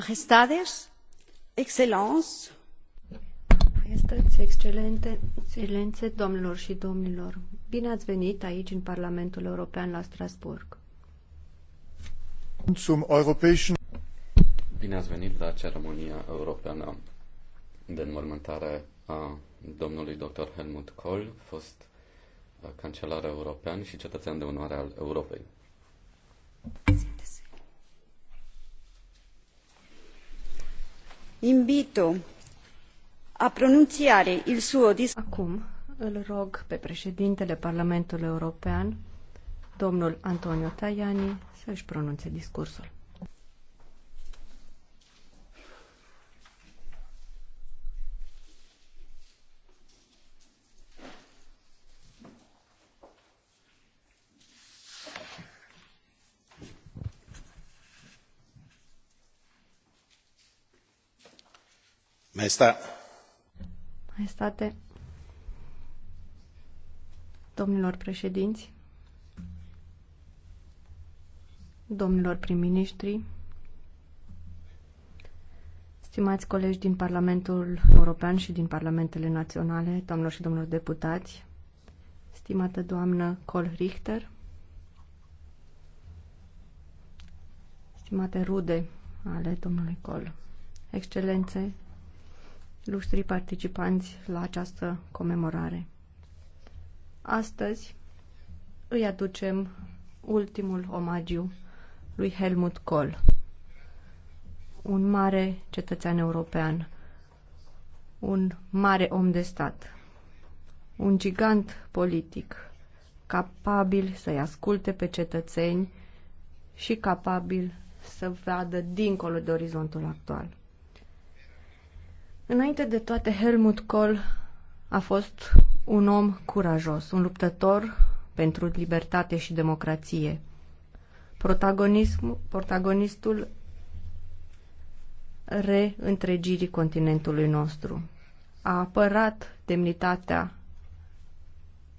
Majestades, Excelențe, Majestăți, excelente, excelențe, domnilor și domnilor, bine ați venit aici în Parlamentul European la Strasburg. Bine ați venit la ceremonia europeană de înmormântare a domnului dr. Helmut Kohl, fost uh, cancelar european și cetățean de onoare al Europei. Invito a pronunțiare il suo dis- Acum îl rog pe președintele Parlamentului European, domnul Antonio Tajani, să-și pronunțe discursul. Maestat. Maestate, domnilor președinți, domnilor prim-ministri, stimați colegi din Parlamentul European și din Parlamentele Naționale, doamnelor și domnilor deputați, stimată doamnă Col Richter, stimate rude ale domnului Col, excelențe, ilustrii participanți la această comemorare. Astăzi îi aducem ultimul omagiu lui Helmut Kohl, un mare cetățean european, un mare om de stat, un gigant politic, capabil să-i asculte pe cetățeni și capabil să vadă dincolo de orizontul actual. Înainte de toate, Helmut Kohl a fost un om curajos, un luptător pentru libertate și democrație. Protagonism, protagonistul reîntregirii continentului nostru. A apărat demnitatea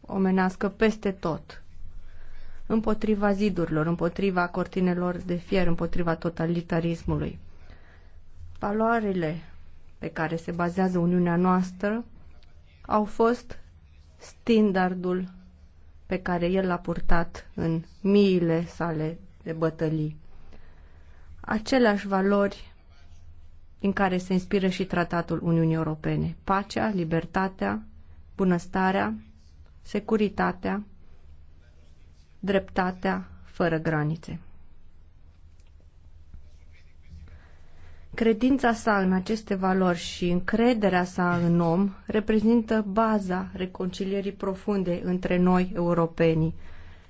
omenească peste tot, împotriva zidurilor, împotriva cortinelor de fier, împotriva totalitarismului. Valoarele pe care se bazează Uniunea noastră au fost standardul pe care el l-a purtat în miile sale de bătălii. Aceleași valori din care se inspiră și tratatul Uniunii Europene. Pacea, libertatea, bunăstarea, securitatea, dreptatea fără granițe. Credința sa în aceste valori și încrederea sa în om reprezintă baza reconcilierii profunde între noi, europenii.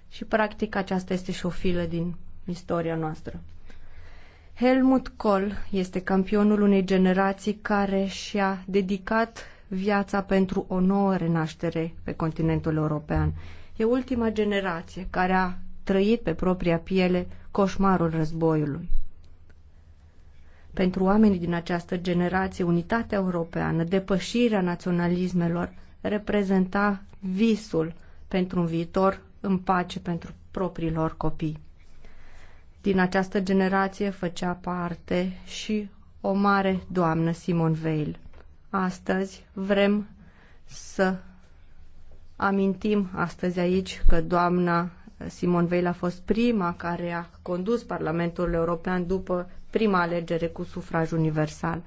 Și, practic, aceasta este și o filă din istoria noastră. Helmut Kohl este campionul unei generații care și-a dedicat viața pentru o nouă renaștere pe continentul european. E ultima generație care a trăit pe propria piele coșmarul războiului. Pentru oamenii din această generație, unitatea europeană, depășirea naționalismelor, reprezenta visul pentru un viitor în pace pentru propriilor copii. Din această generație făcea parte și o mare doamnă Simon Veil. Astăzi vrem să amintim astăzi aici că doamna Simon Veil a fost prima care a condus Parlamentul European după prima alegere cu sufraj universal.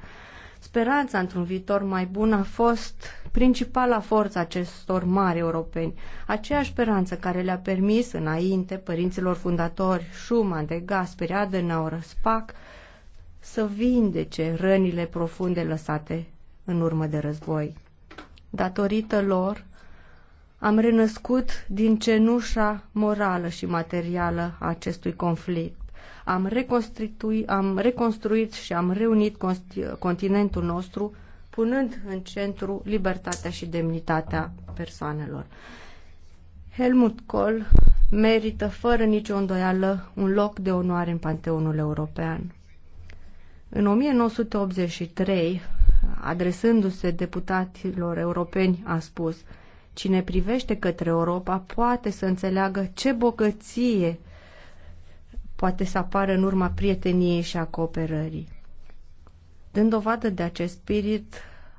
Speranța într-un viitor mai bun a fost principala forță acestor mari europeni, aceeași speranță care le-a permis înainte părinților fundatori Schumann, de Gasperi, Adenauer, Spac să vindece rănile profunde lăsate în urmă de război. Datorită lor, am renăscut din cenușa morală și materială a acestui conflict. Am, am reconstruit și am reunit continentul nostru, punând în centru libertatea și demnitatea persoanelor. Helmut Kohl merită fără nicio îndoială un loc de onoare în Panteonul European. În 1983, adresându-se deputaților europeni, a spus – Cine privește către Europa poate să înțeleagă ce bogăție poate să apară în urma prieteniei și a cooperării. Dând dovadă de acest spirit,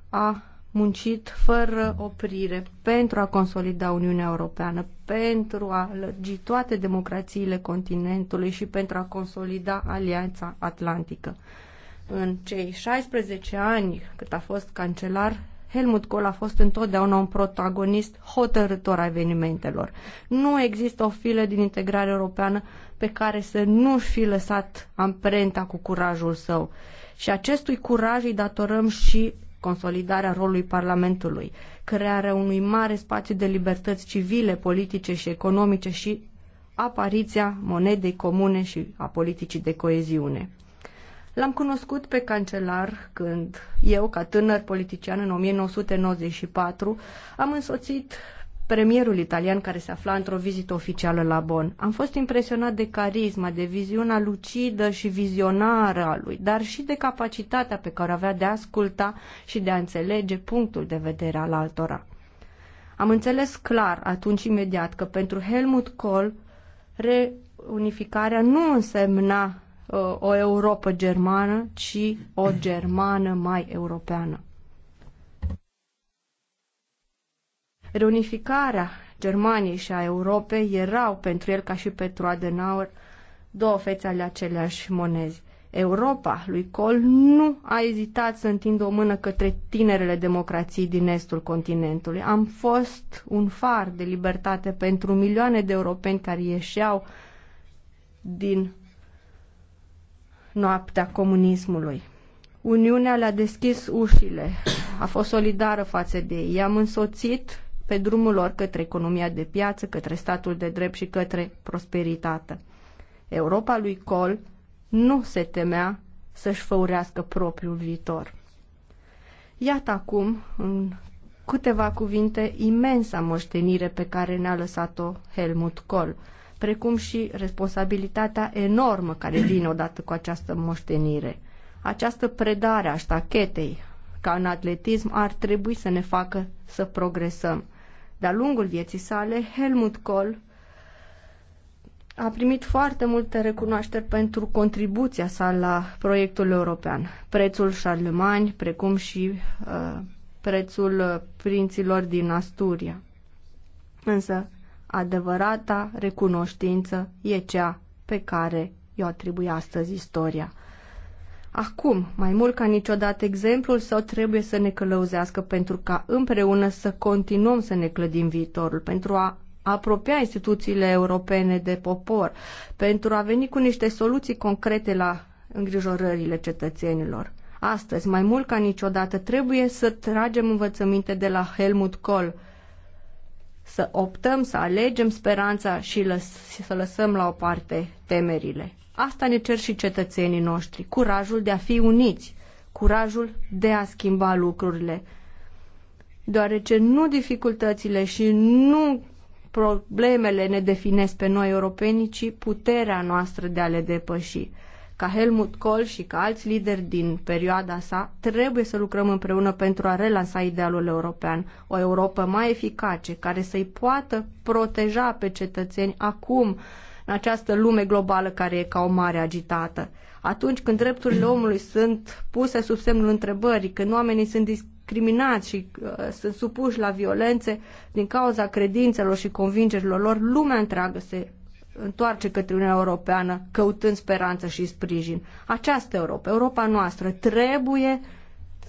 a muncit fără oprire pentru a consolida Uniunea Europeană, pentru a lărgi toate democrațiile continentului și pentru a consolida Alianța Atlantică. În cei 16 ani cât a fost cancelar, Helmut Kohl a fost întotdeauna un protagonist hotărător a evenimentelor. Nu există o filă din integrare europeană pe care să nu fi lăsat amprenta cu curajul său. Și acestui curaj îi datorăm și consolidarea rolului Parlamentului, crearea unui mare spațiu de libertăți civile, politice și economice și apariția monedei comune și a politicii de coeziune. L-am cunoscut pe cancelar când eu, ca tânăr politician în 1994, am însoțit premierul italian care se afla într-o vizită oficială la Bonn. Am fost impresionat de carisma, de viziunea lucidă și vizionară a lui, dar și de capacitatea pe care avea de a asculta și de a înțelege punctul de vedere al altora. Am înțeles clar atunci imediat că pentru Helmut Kohl reunificarea nu însemna Uh, o Europa germană, ci o germană mai europeană. Reunificarea Germaniei și a Europei erau pentru el ca și pentru Adenauer două fețe ale aceleași monezi. Europa lui Kohl nu a ezitat să întindă o mână către tinerele democrații din estul continentului. Am fost un far de libertate pentru milioane de europeni care ieșeau din noaptea comunismului. Uniunea le-a deschis ușile, a fost solidară față de ei, i-am însoțit pe drumul lor către economia de piață, către statul de drept și către prosperitate. Europa lui Col nu se temea să-și făurească propriul viitor. Iată acum, în câteva cuvinte, imensa moștenire pe care ne-a lăsat-o Helmut Kohl precum și responsabilitatea enormă care vine odată cu această moștenire. Această predare a ștachetei, ca în atletism, ar trebui să ne facă să progresăm. De-a lungul vieții sale, Helmut Kohl a primit foarte multe recunoașteri pentru contribuția sa la proiectul european. Prețul Charlemagne, precum și uh, prețul prinților din Asturia. Însă, adevărata recunoștință e cea pe care i-o atribuie astăzi istoria. Acum, mai mult ca niciodată, exemplul său trebuie să ne călăuzească pentru ca împreună să continuăm să ne clădim viitorul, pentru a apropia instituțiile europene de popor, pentru a veni cu niște soluții concrete la îngrijorările cetățenilor. Astăzi, mai mult ca niciodată, trebuie să tragem învățăminte de la Helmut Kohl, să optăm, să alegem speranța și lăs- să lăsăm la o parte temerile. Asta ne cer și cetățenii noștri, curajul de a fi uniți, curajul de a schimba lucrurile. Deoarece nu dificultățile și nu problemele ne definesc pe noi europenii, ci puterea noastră de a le depăși ca Helmut Kohl și ca alți lideri din perioada sa, trebuie să lucrăm împreună pentru a relansa idealul european, o Europa mai eficace, care să-i poată proteja pe cetățeni acum, în această lume globală care e ca o mare agitată. Atunci când drepturile omului sunt puse sub semnul întrebării, când oamenii sunt discriminați și uh, sunt supuși la violențe din cauza credințelor și convingerilor lor, lumea întreagă se întoarce către Uniunea Europeană căutând speranță și sprijin. Această Europa, Europa noastră, trebuie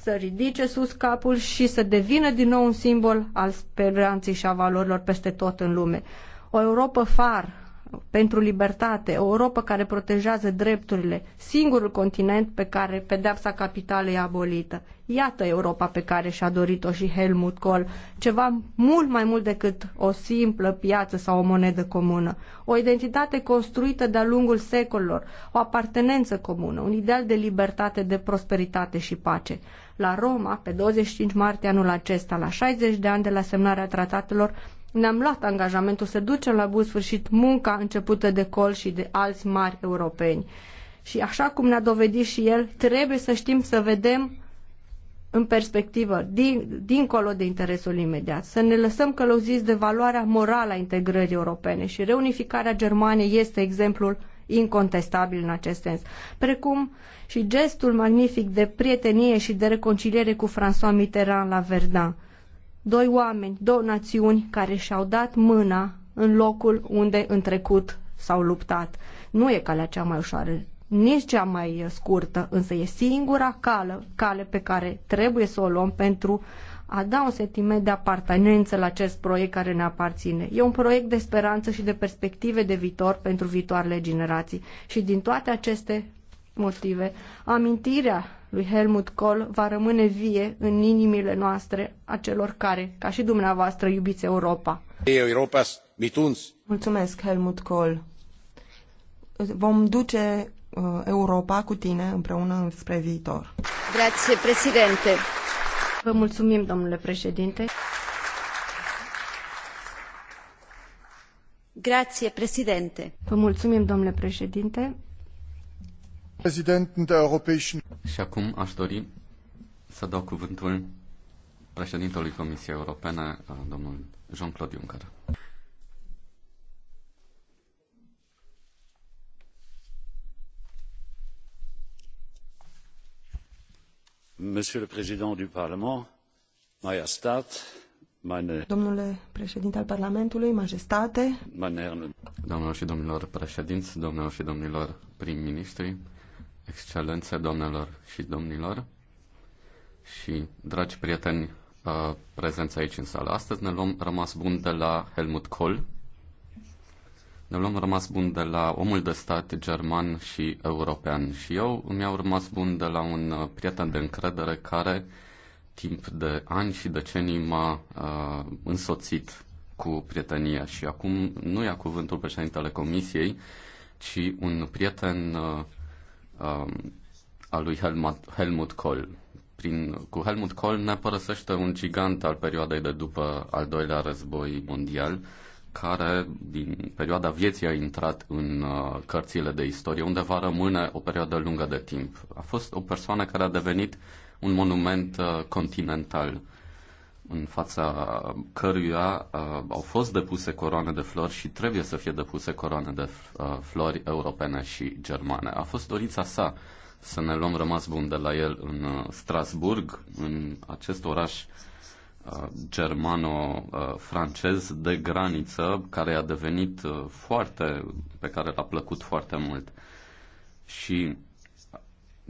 să ridice sus capul și să devină din nou un simbol al speranței și a valorilor peste tot în lume. O Europa far pentru libertate, o Europa care protejează drepturile, singurul continent pe care pedepsa capitală e abolită. Iată Europa pe care și-a dorit-o și Helmut Kohl, ceva mult mai mult decât o simplă piață sau o monedă comună. O identitate construită de-a lungul secolilor, o apartenență comună, un ideal de libertate, de prosperitate și pace. La Roma, pe 25 martie anul acesta, la 60 de ani de la semnarea tratatelor, ne-am luat angajamentul să ducem la bun sfârșit munca începută de Col și de alți mari europeni. Și așa cum ne-a dovedit și el, trebuie să știm să vedem în perspectivă, din, dincolo de interesul imediat, să ne lăsăm călăuziți de valoarea morală a integrării europene și reunificarea Germaniei este exemplul incontestabil în acest sens, precum și gestul magnific de prietenie și de reconciliere cu François Mitterrand la Verdun doi oameni, două națiuni care și-au dat mâna în locul unde în trecut s-au luptat. Nu e calea cea mai ușoară, nici cea mai scurtă, însă e singura cală, cale pe care trebuie să o luăm pentru a da un sentiment de apartenență la acest proiect care ne aparține. E un proiect de speranță și de perspective de viitor pentru viitoarele generații. Și din toate aceste motive, amintirea lui Helmut Kohl va rămâne vie în inimile noastre a celor care, ca și dumneavoastră, iubiți Europa. Europa Mulțumesc, Helmut Kohl. Vom duce uh, Europa cu tine împreună spre viitor. Grazie, președinte. Vă mulțumim, domnule președinte. Grazie, președinte. Vă mulțumim, domnule președinte. Și acum aș dori să dau cuvântul președintelui Comisiei Europene, domnul Jean-Claude Juncker. Monsieur le Président du Parlement, Majestat, Domnule președinte al Parlamentului, majestate... domnilor și domnilor președinți, domnilor și domnilor prim-ministri, Excelențe, doamnelor și domnilor, și dragi prieteni uh, prezenți aici în sală. Astăzi ne luăm rămas bun de la Helmut Kohl. Ne luăm rămas bun de la omul de stat german și european. Și eu mi-au rămas bun de la un uh, prieten de încredere care timp de ani și decenii m-a uh, însoțit cu prietenia și acum nu ia cuvântul președintele comisiei, ci un prieten uh, um, a lui Helmut, Helmut Kohl. Prin, cu Helmut Kohl ne părăsește un gigant al perioadei de după al doilea război mondial, care din perioada vieții a intrat în uh, cărțile de istorie, unde va rămâne o perioadă lungă de timp. A fost o persoană care a devenit un monument uh, continental în fața căruia uh, au fost depuse coroane de flori și trebuie să fie depuse coroane de uh, flori europene și germane. A fost dorința sa să ne luăm rămas bun de la el în uh, Strasburg, în acest oraș uh, germano-francez uh, de graniță, care a devenit uh, foarte, pe care l-a plăcut foarte mult. Și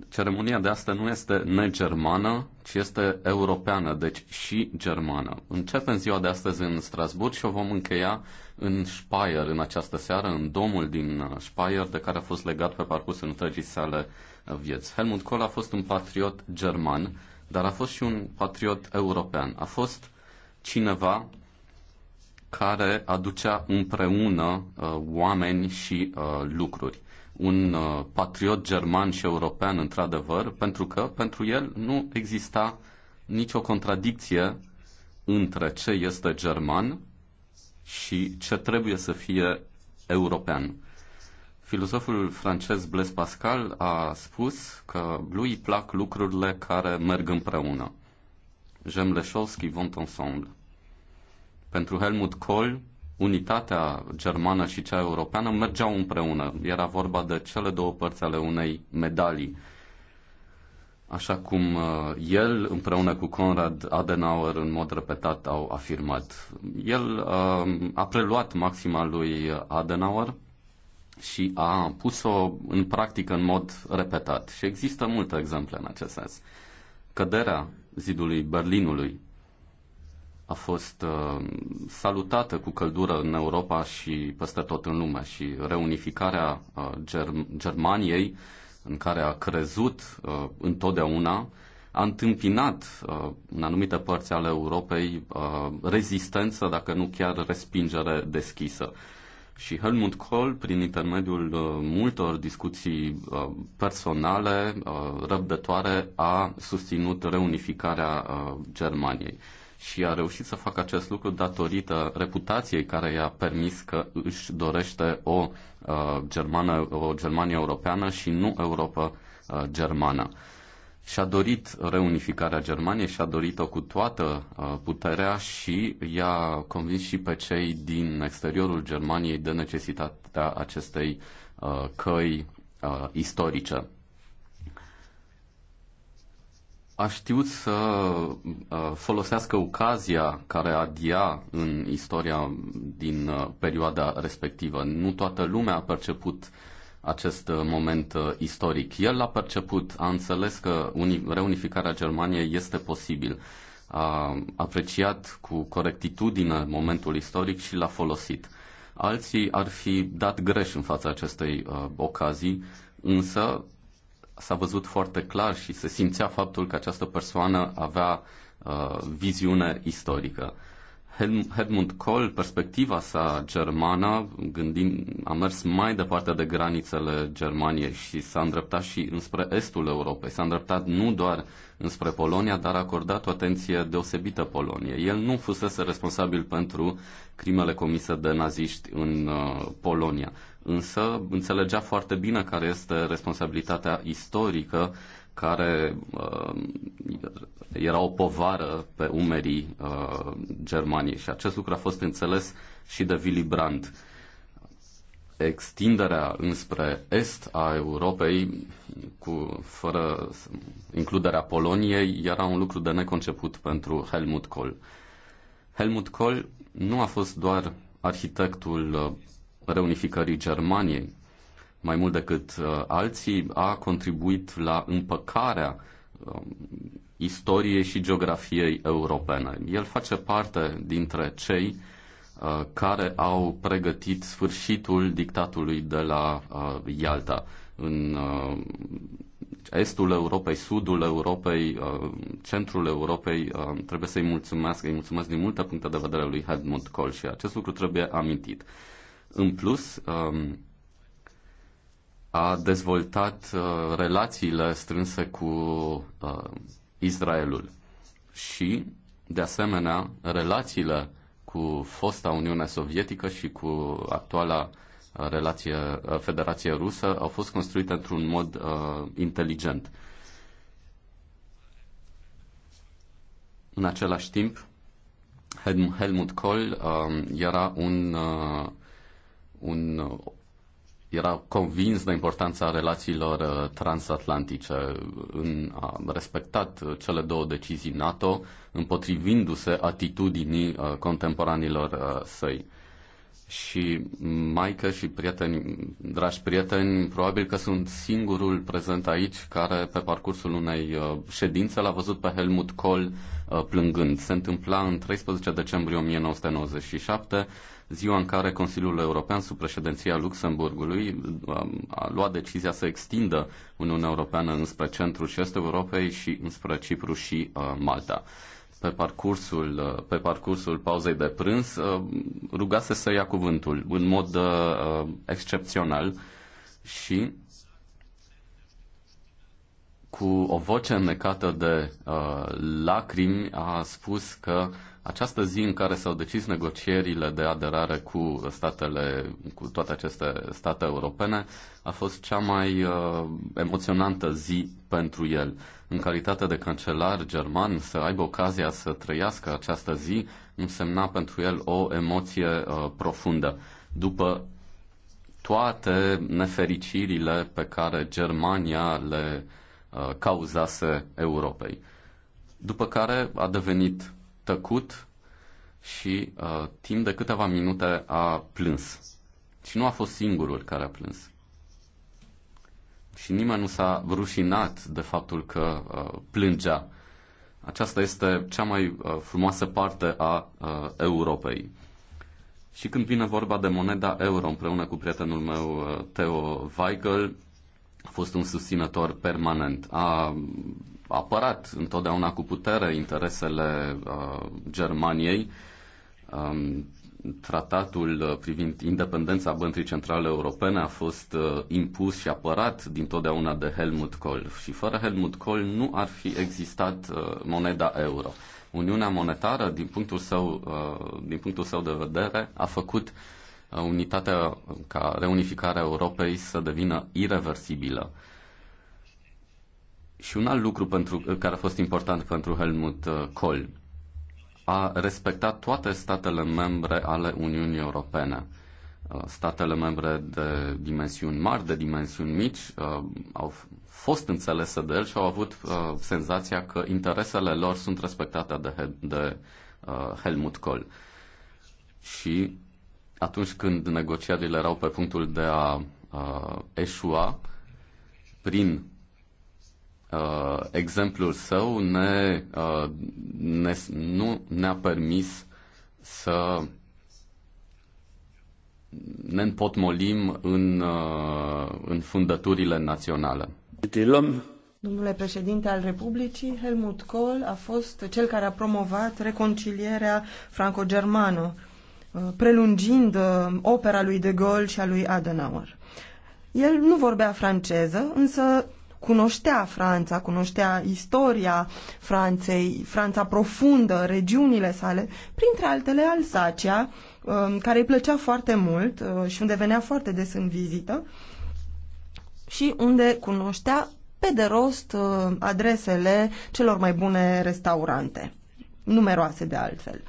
ceremonia de astăzi nu este negermană, ci este europeană, deci și germană. Începem ziua de astăzi în Strasburg și o vom încheia în Speyer în această seară, în domul din Speyer, de care a fost legat pe parcursul întregii sale vieți. Helmut Kohl a fost un patriot german, dar a fost și un patriot european. A fost cineva care aducea împreună uh, oameni și uh, lucruri un uh, patriot german și european, într-adevăr, pentru că pentru el nu exista nicio contradicție între ce este german și ce trebuie să fie european. Filozoful francez Blaise Pascal a spus că lui îi plac lucrurile care merg împreună. J'aime les choses qui vont ensemble. Pentru Helmut Kohl, unitatea germană și cea europeană mergeau împreună. Era vorba de cele două părți ale unei medalii. Așa cum uh, el, împreună cu Conrad Adenauer, în mod repetat au afirmat. El uh, a preluat maxima lui Adenauer și a pus-o în practică în mod repetat. Și există multe exemple în acest sens. Căderea zidului Berlinului a fost uh, salutată cu căldură în Europa și peste tot în lume și reunificarea uh, Germ- Germaniei, în care a crezut uh, întotdeauna, a întâmpinat în anumite părți ale Europei rezistență, dacă nu chiar respingere deschisă. Și Helmut Kohl, prin intermediul multor discuții personale, răbdătoare, a susținut reunificarea Germaniei și a reușit să facă acest lucru datorită reputației care i-a permis că își dorește o, uh, Germană, o Germania europeană și nu Europa uh, germană. Și-a dorit reunificarea Germaniei, și-a dorit-o cu toată uh, puterea și i-a convins și pe cei din exteriorul Germaniei de necesitatea acestei uh, căi uh, istorice a știut să uh, folosească ocazia care adia în istoria din uh, perioada respectivă. Nu toată lumea a perceput acest uh, moment istoric. El l-a perceput, a înțeles că reunificarea Germaniei este posibil. A apreciat cu corectitudine momentul istoric și l-a folosit. Alții ar fi dat greș în fața acestei uh, ocazii, însă s-a văzut foarte clar și se simțea faptul că această persoană avea uh, viziune istorică. Helmut Kohl, perspectiva sa germană, gândind, a mers mai departe de granițele Germaniei și s-a îndreptat și înspre estul Europei. S-a îndreptat nu doar înspre Polonia, dar a acordat o atenție deosebită Poloniei. El nu fusese responsabil pentru crimele comise de naziști în uh, Polonia însă înțelegea foarte bine care este responsabilitatea istorică care uh, era o povară pe umerii uh, Germaniei și acest lucru a fost înțeles și de Willy Brandt. Extinderea înspre est a Europei, cu, fără includerea Poloniei, era un lucru de neconceput pentru Helmut Kohl. Helmut Kohl nu a fost doar arhitectul uh, reunificării Germaniei, mai mult decât uh, alții, a contribuit la împăcarea uh, istoriei și geografiei europene. El face parte dintre cei uh, care au pregătit sfârșitul dictatului de la uh, Ialta. În uh, estul Europei, sudul Europei, uh, centrul Europei, uh, trebuie să-i mulțumesc, îi mulțumesc din multe puncte de vedere lui Helmut Kohl și acest lucru trebuie amintit. În plus, um, a dezvoltat uh, relațiile strânse cu uh, Israelul și, de asemenea, relațiile cu fosta Uniune Sovietică și cu actuala uh, relație, Federație Rusă au fost construite într-un mod uh, inteligent. În același timp, Helmut Kohl uh, era un uh, un, era convins de importanța relațiilor uh, transatlantice, în, a respectat uh, cele două decizii NATO, împotrivindu-se atitudinii uh, contemporanilor săi. Și maică și prieteni, dragi prieteni, probabil că sunt singurul prezent aici care pe parcursul unei ședințe l-a văzut pe Helmut Kohl plângând. Se întâmpla în 13 decembrie 1997 ziua în care Consiliul European, sub președinția Luxemburgului, um, a luat decizia să extindă Uniunea Europeană înspre centrul și estul Europei și înspre Cipru și uh, Malta pe parcursul, uh, pe parcursul pauzei de prânz, uh, rugase să ia cuvântul în mod uh, excepțional și cu o voce înnecată de uh, lacrimi a spus că această zi în care s-au decis negocierile de aderare cu statele, cu toate aceste state europene, a fost cea mai uh, emoționantă zi pentru el. În calitate de cancelar german, să aibă ocazia să trăiască această zi însemna pentru el o emoție uh, profundă. După toate nefericirile pe care Germania le uh, cauzase Europei. După care a devenit tăcut și uh, timp de câteva minute a plâns. Și nu a fost singurul care a plâns. Și nimeni nu s-a rușinat de faptul că uh, plângea. Aceasta este cea mai uh, frumoasă parte a uh, Europei. Și când vine vorba de moneda euro împreună cu prietenul meu uh, Theo Weigel, a fost un susținător permanent. A apărat întotdeauna cu putere interesele uh, Germaniei. Um, tratatul uh, privind independența Băncii Centrale Europene a fost uh, impus și apărat dintotdeauna de Helmut Kohl. Și fără Helmut Kohl nu ar fi existat uh, moneda euro. Uniunea monetară, din punctul său, uh, din punctul său de vedere, a făcut uh, unitatea ca reunificarea Europei să devină irreversibilă. Uh, și un alt lucru pentru, care a fost important pentru Helmut uh, Kohl a respectat toate statele membre ale Uniunii Europene. Uh, statele membre de dimensiuni mari, de dimensiuni mici, uh, au fost înțelese de el și au avut senzația că interesele lor sunt respectate de, de Helmut Kohl. Și atunci când negocierile erau pe punctul de a eșua, prin uh, exemplul său ne, uh, ne, nu ne-a permis să ne împotmolim în, uh, în fundăturile naționale. Domnule președinte al Republicii, Helmut Kohl a fost cel care a promovat reconcilierea franco-germană, uh, prelungind uh, opera lui de Gaulle și a lui Adenauer. El nu vorbea franceză, însă cunoștea Franța, cunoștea istoria Franței, Franța profundă, regiunile sale, printre altele Alsacia, um, care îi plăcea foarte mult uh, și unde venea foarte des în vizită și unde cunoștea pe de rost uh, adresele celor mai bune restaurante, numeroase de altfel.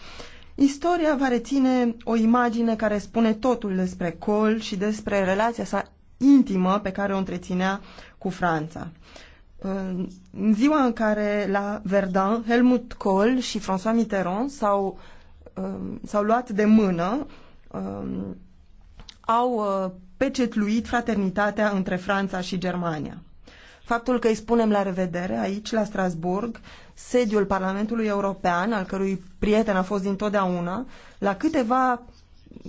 Istoria va reține o imagine care spune totul despre Col și despre relația sa intimă pe care o întreținea cu Franța. În ziua în care la Verdun, Helmut Kohl și François Mitterrand s-au, um, s-au luat de mână, um, au uh, pecetluit fraternitatea între Franța și Germania. Faptul că îi spunem la revedere aici, la Strasburg, sediul Parlamentului European, al cărui prieten a fost dintotdeauna, la câteva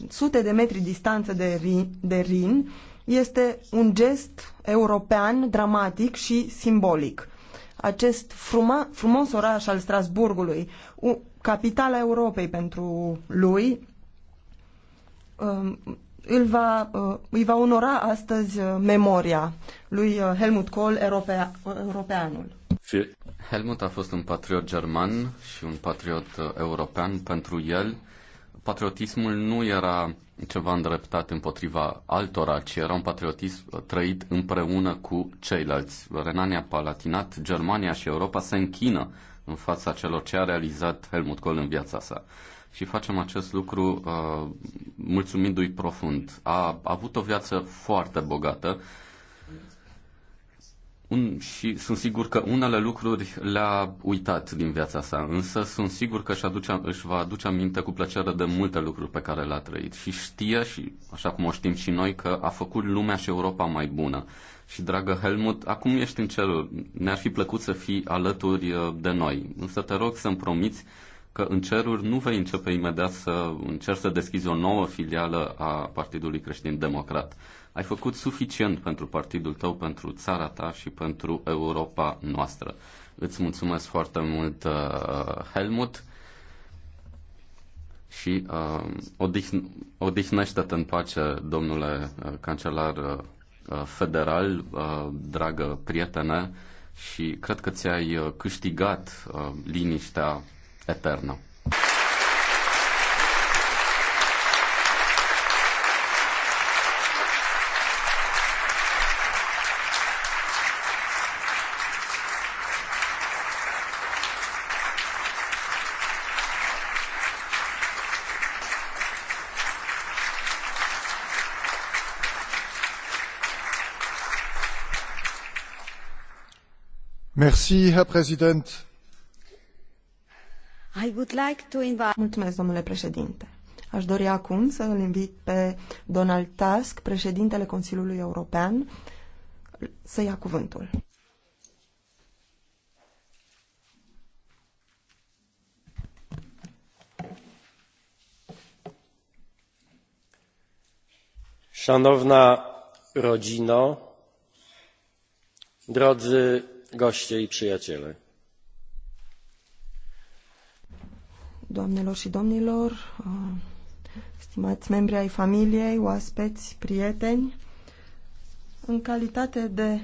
sute de metri distanță de Rin, de Rin este un gest european dramatic și simbolic. Acest fruma, frumos oraș al Strasburgului, capitala Europei pentru lui, um, îl va, uh, îi va onora astăzi uh, memoria lui uh, Helmut Kohl, europea, europeanul. Helmut a fost un patriot german și un patriot european. Pentru el, patriotismul nu era ceva îndreptat împotriva altora, ci era un patriotism trăit împreună cu ceilalți. Renania Palatinat, Germania și Europa se închină în fața celor ce a realizat Helmut Kohl în viața sa. Și facem acest lucru uh, mulțumindu-i profund. A, a avut o viață foarte bogată, uh, un, și sunt sigur că unele lucruri le-a uitat din viața sa, însă sunt sigur că își, aduce, își va aduce aminte cu plăcere de multe lucruri pe care le-a trăit și știe, și așa cum o știm și noi, că a făcut lumea și Europa mai bună. Și, dragă Helmut, acum ești în cerul. Ne-ar fi plăcut să fii alături uh, de noi, însă te rog să-mi promiți că în ceruri nu vei începe imediat să încerci să deschizi o nouă filială a Partidului Creștin Democrat ai făcut suficient pentru partidul tău, pentru țara ta și pentru Europa noastră. Îți mulțumesc foarte mult, uh, Helmut, și uh, odihn- odihnește-te în pace, domnule uh, cancelar uh, federal, dragă prietene, și cred că ți-ai câștigat liniștea eternă. Herr Präsident. Mulțumesc, domnule președinte. Aș dori acum să îl invit pe Donald Tusk, președintele Consiliului European, să ia cuvântul. Szanowna rodzino, drodzy goście i przyjaciele. Doamnelor și domnilor, stimați membri ai familiei, oaspeți, prieteni, în calitate de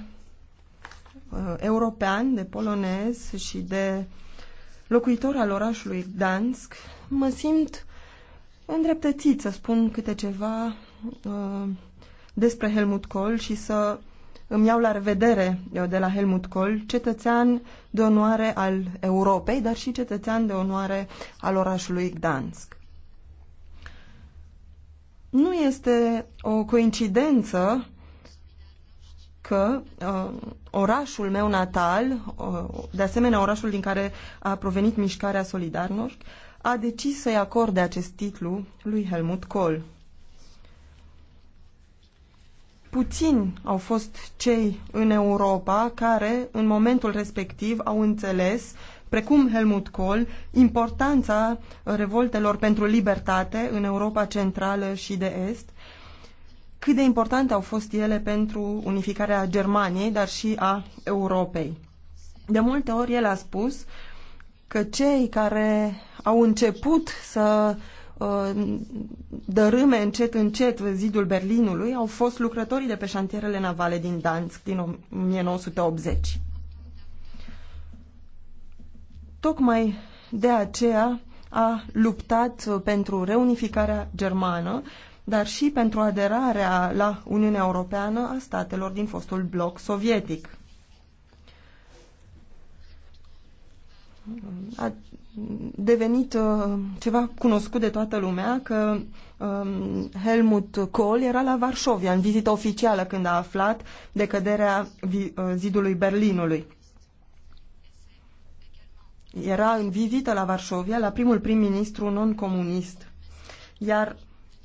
uh, european, de polonez și de locuitor al orașului Gdansk, mă simt îndreptățit să spun câte ceva uh, despre Helmut Kohl și să îmi iau la revedere eu de la Helmut Kohl, cetățean de onoare al Europei, dar și cetățean de onoare al orașului Gdansk. Nu este o coincidență că uh, orașul meu natal, uh, de asemenea orașul din care a provenit mișcarea Solidarnosc, a decis să-i acorde acest titlu lui Helmut Kohl puțini au fost cei în Europa care, în momentul respectiv, au înțeles, precum Helmut Kohl, importanța revoltelor pentru libertate în Europa Centrală și de Est, cât de importante au fost ele pentru unificarea Germaniei, dar și a Europei. De multe ori el a spus că cei care au început să uh, Uh, dărâme încet încet zidul Berlinului au fost lucrătorii de pe șantierele navale din Danzig din 1980. Tocmai de aceea a luptat pentru reunificarea germană, dar și pentru aderarea la Uniunea Europeană a statelor din fostul bloc sovietic. a devenit uh, ceva cunoscut de toată lumea că um, Helmut Kohl era la Varșovia în vizită oficială când a aflat decăderea uh, zidului Berlinului. Era în vizită la Varșovia la primul prim-ministru non-comunist. Iar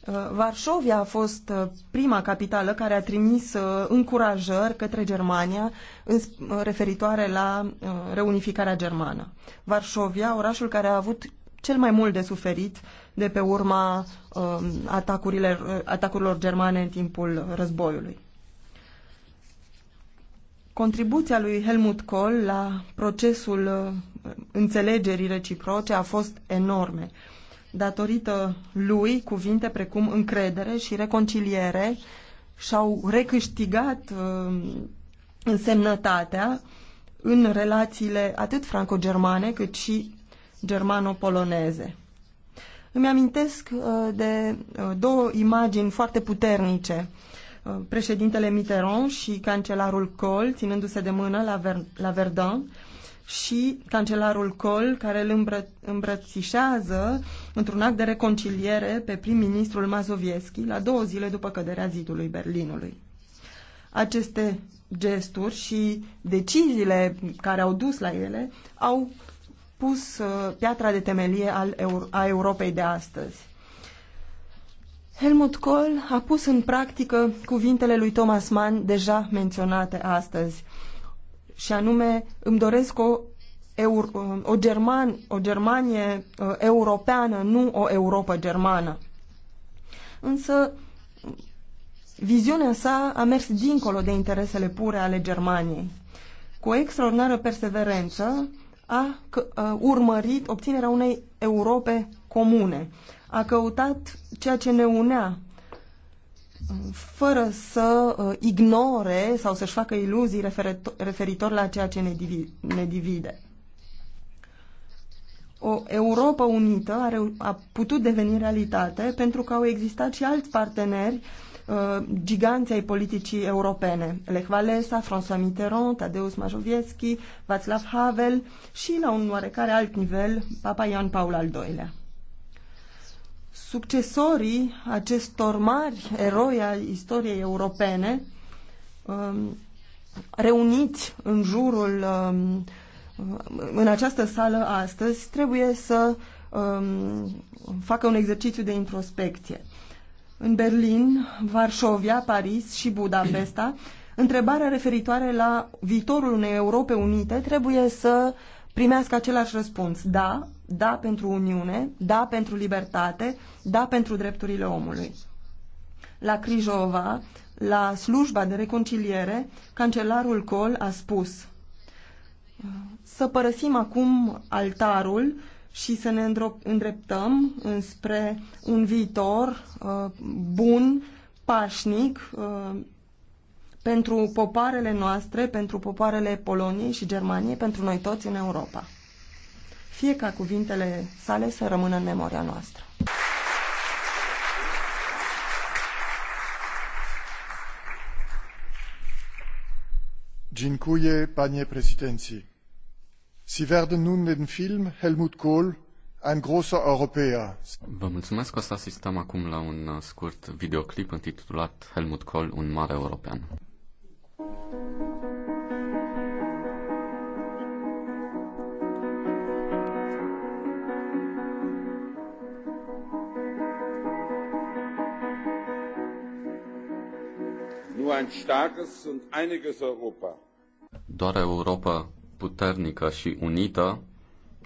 Uh, Varșovia a fost uh, prima capitală care a trimis uh, încurajări către Germania referitoare la reunificarea germană. Varșovia, orașul care a avut cel mai mult de suferit de pe urma um, atacurilor germane în timpul războiului. Contribuția lui Helmut Kohl la procesul înțelegerii reciproce a fost enorme. Datorită lui, cuvinte precum încredere și reconciliere și-au recâștigat uh, însemnătatea în relațiile atât franco-germane cât și germano-poloneze. Îmi amintesc uh, de uh, două imagini foarte puternice. Președintele Mitterrand și cancelarul Kohl, ținându-se de mână la, Ver- la Verdun, și cancelarul Col, care îl îmbră, îmbrățișează într-un act de reconciliere pe prim-ministrul Mazovieschi la două zile după căderea zidului Berlinului. Aceste gesturi și deciziile care au dus la ele au pus uh, piatra de temelie al, a Europei de astăzi. Helmut Kohl a pus în practică cuvintele lui Thomas Mann deja menționate astăzi și anume îmi doresc o, o, German, o Germanie uh, europeană, nu o Europa germană. Însă viziunea sa a mers dincolo de interesele pure ale Germaniei. Cu o extraordinară perseverență a uh, urmărit obținerea unei Europe comune. A căutat ceea ce ne unea fără să uh, ignore sau să-și facă iluzii referitor la ceea ce ne divide. O Europa unită a, putut deveni realitate pentru că au existat și alți parteneri uh, giganții ai politicii europene. Lech Walesa, François Mitterrand, Tadeusz Mazowiecki, Václav Havel și, la un oarecare alt nivel, Papa Ioan Paul al II-lea succesorii acestor mari eroi ai istoriei europene, um, reuniți în jurul, um, în această sală astăzi, trebuie să um, facă un exercițiu de introspecție. În Berlin, Varșovia, Paris și Budapesta, întrebarea referitoare la viitorul unei Europe Unite trebuie să primească același răspuns, da da pentru Uniune, da pentru libertate, da pentru drepturile omului. La Crijova, la slujba de reconciliere, cancelarul Col a spus să părăsim acum altarul și să ne îndreptăm înspre un viitor uh, bun, pașnic, uh, pentru popoarele noastre, pentru popoarele Poloniei și Germaniei, pentru noi toți în Europa fie ca cuvintele sale să rămână în memoria noastră. Dziękuję, panie prezydencji. Sie werden nun den Film Helmut Kohl, ein großer Europäer. Vă mulțumesc că o să asistăm acum la un uh, scurt videoclip intitulat Helmut Kohl, un mare european. Nur ein starkes und einiges Europa. Doar Europa puternică și unită,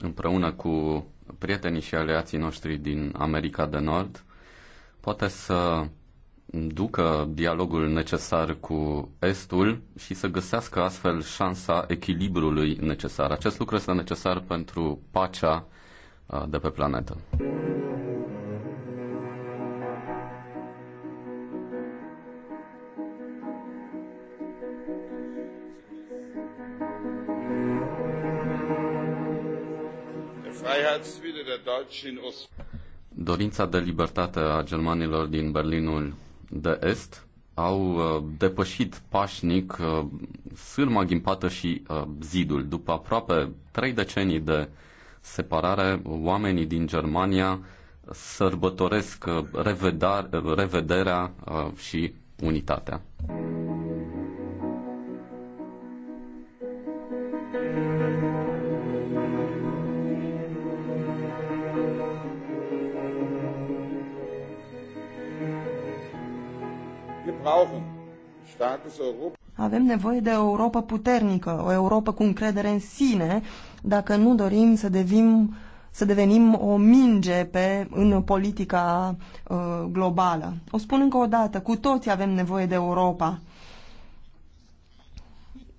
împreună cu prietenii și aliații noștri din America de Nord, poate să ducă dialogul necesar cu Estul și să găsească astfel șansa echilibrului necesar. Acest lucru este necesar pentru pacea uh, de pe planetă. Dorința de libertate a germanilor din Berlinul de Est au uh, depășit pașnic uh, sârma ghimpată și uh, zidul. După aproape trei decenii de separare, oamenii din Germania sărbătoresc revederea și unitatea. Avem nevoie de o Europa puternică, o Europa cu încredere în sine, dacă nu dorim să devim să devenim o minge pe, în politica uh, globală. O spun încă o dată, cu toți avem nevoie de Europa.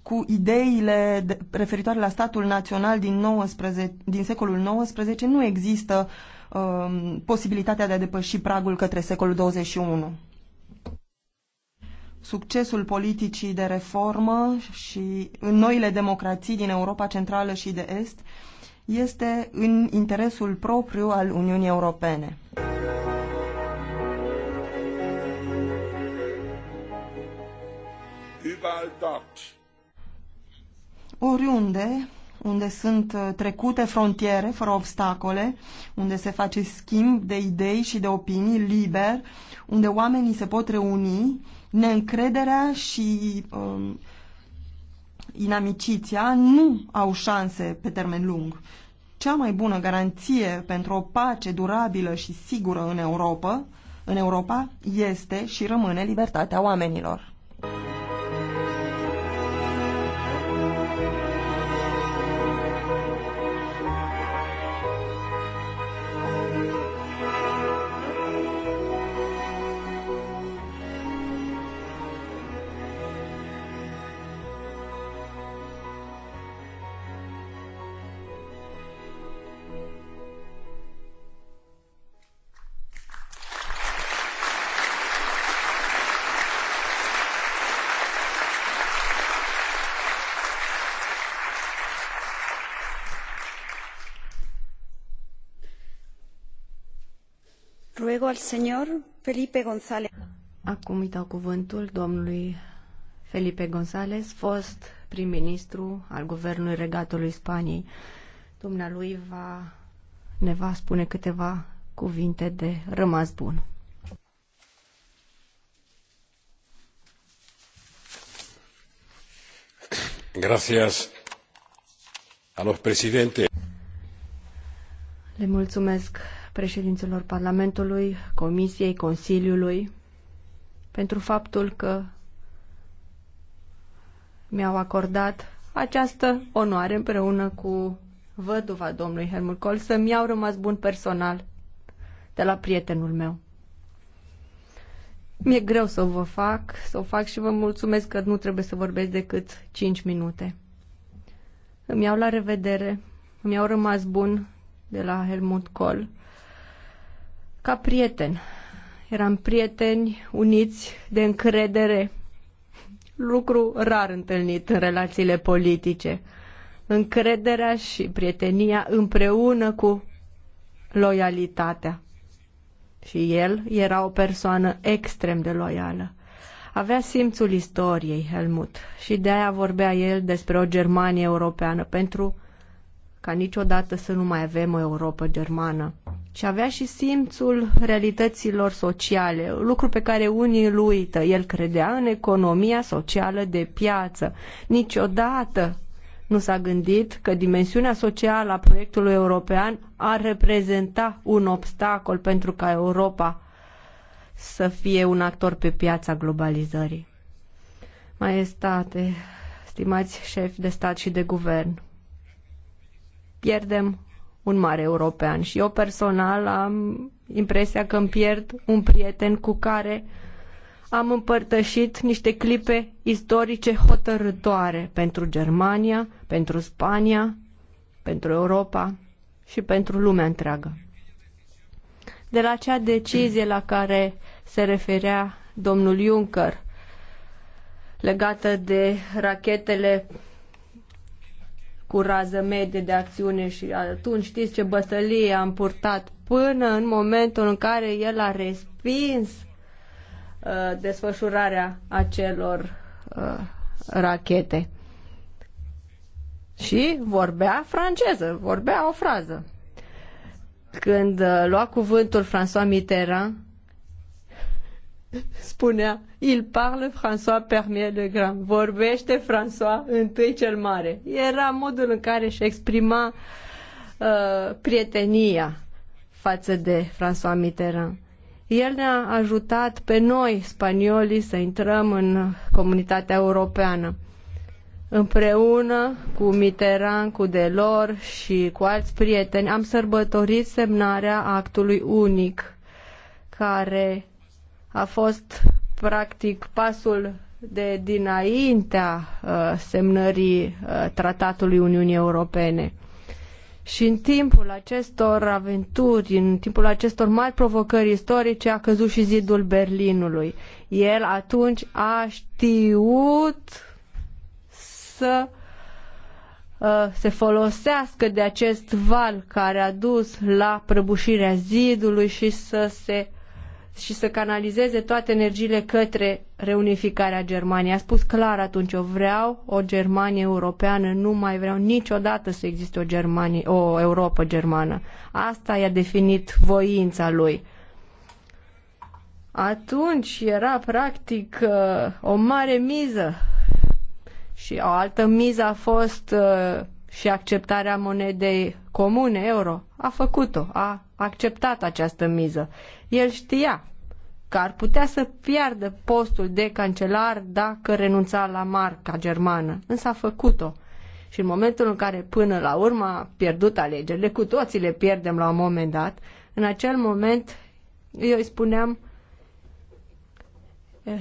Cu ideile de, referitoare la statul național din, 19, din secolul XIX nu există uh, posibilitatea de a depăși pragul către secolul 21 succesul politicii de reformă și în noile democrații din Europa Centrală și de Est este în interesul propriu al Uniunii Europene. Oriunde, unde sunt uh, trecute frontiere fără obstacole, unde se face schimb de idei și de opinii liber, unde oamenii se pot reuni neîncrederea și um, inamiciția nu au șanse pe termen lung. Cea mai bună garanție pentru o pace durabilă și sigură în Europa, în Europa este și rămâne libertatea oamenilor. luego al señor Felipe González. Acum îi dau cuvântul domnului Felipe González, fost prim-ministru al Guvernului Regatului Spaniei. Dumnealui va, ne va spune câteva cuvinte de rămas bun. Gracias a los presidentes. Le mulțumesc președinților Parlamentului, Comisiei, Consiliului, pentru faptul că mi-au acordat această onoare împreună cu văduva domnului Helmut Kohl să-mi au rămas bun personal de la prietenul meu. Mi-e greu să vă fac, să o fac și vă mulțumesc că nu trebuie să vorbesc decât 5 minute. Îmi iau la revedere, îmi iau rămas bun de la Helmut Kohl ca prieten. Eram prieteni uniți de încredere, lucru rar întâlnit în relațiile politice. Încrederea și prietenia împreună cu loialitatea. Și el era o persoană extrem de loială. Avea simțul istoriei, Helmut, și de aia vorbea el despre o Germanie europeană, pentru ca niciodată să nu mai avem o Europa germană și avea și simțul realităților sociale, lucru pe care unii îl uită. El credea în economia socială de piață. Niciodată nu s-a gândit că dimensiunea socială a proiectului european ar reprezenta un obstacol pentru ca Europa să fie un actor pe piața globalizării. Maestate, stimați șefi de stat și de guvern, pierdem un mare european și eu personal am impresia că îmi pierd un prieten cu care am împărtășit niște clipe istorice hotărătoare pentru Germania, pentru Spania, pentru Europa și pentru lumea întreagă. De la acea decizie la care se referea domnul Juncker legată de rachetele cu rază medie de acțiune și atunci știți ce bătălie am purtat până în momentul în care el a respins uh, desfășurarea acelor uh, rachete. Și vorbea franceză, vorbea o frază. Când uh, lua cuvântul François Mitterrand, spunea, il parle François Permier de Grand, vorbește François întâi cel mare. Era modul în care își exprima uh, prietenia față de François Mitterrand. El ne-a ajutat pe noi, spaniolii, să intrăm în comunitatea europeană. Împreună cu Mitterrand, cu Delor și cu alți prieteni am sărbătorit semnarea actului unic care a fost practic pasul de dinaintea uh, semnării uh, Tratatului Uniunii Europene. Și în timpul acestor aventuri, în timpul acestor mari provocări istorice, a căzut și zidul Berlinului. El atunci a știut să uh, se folosească de acest val care a dus la prăbușirea zidului și să se și să canalizeze toate energiile către reunificarea Germaniei. A spus clar atunci, eu vreau o Germanie europeană, nu mai vreau niciodată să existe o, Germanie, o Europa germană. Asta i-a definit voința lui. Atunci era practic uh, o mare miză și o altă miză a fost uh, și acceptarea monedei comune, euro. A făcut-o, a acceptat această miză. El știa că ar putea să piardă postul de cancelar dacă renunța la marca germană, însă a făcut-o. Și în momentul în care până la urmă a pierdut alegerile, cu toții le pierdem la un moment dat, în acel moment eu îi spuneam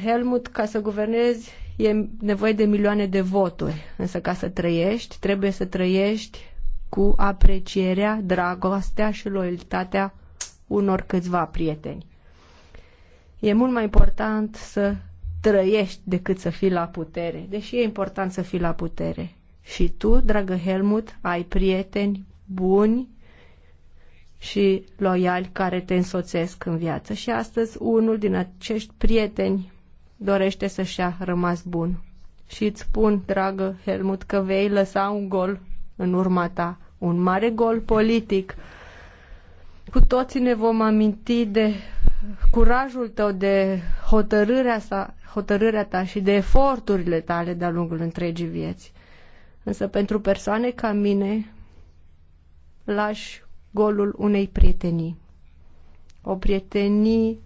Helmut, ca să guvernezi e nevoie de milioane de voturi, însă ca să trăiești, trebuie să trăiești cu aprecierea, dragostea și loialitatea unor câțiva prieteni. E mult mai important să trăiești decât să fii la putere, deși e important să fii la putere. Și tu, dragă Helmut, ai prieteni buni și loiali care te însoțesc în viață. Și astăzi unul din acești prieteni dorește să-și a rămas bun. Și îți spun, dragă Helmut, că vei lăsa un gol în urma ta un mare gol politic. Cu toții ne vom aminti de curajul tău, de hotărârea, sa, hotărârea ta și de eforturile tale de-a lungul întregii vieți. Însă pentru persoane ca mine, lași golul unei prietenii. O prietenie,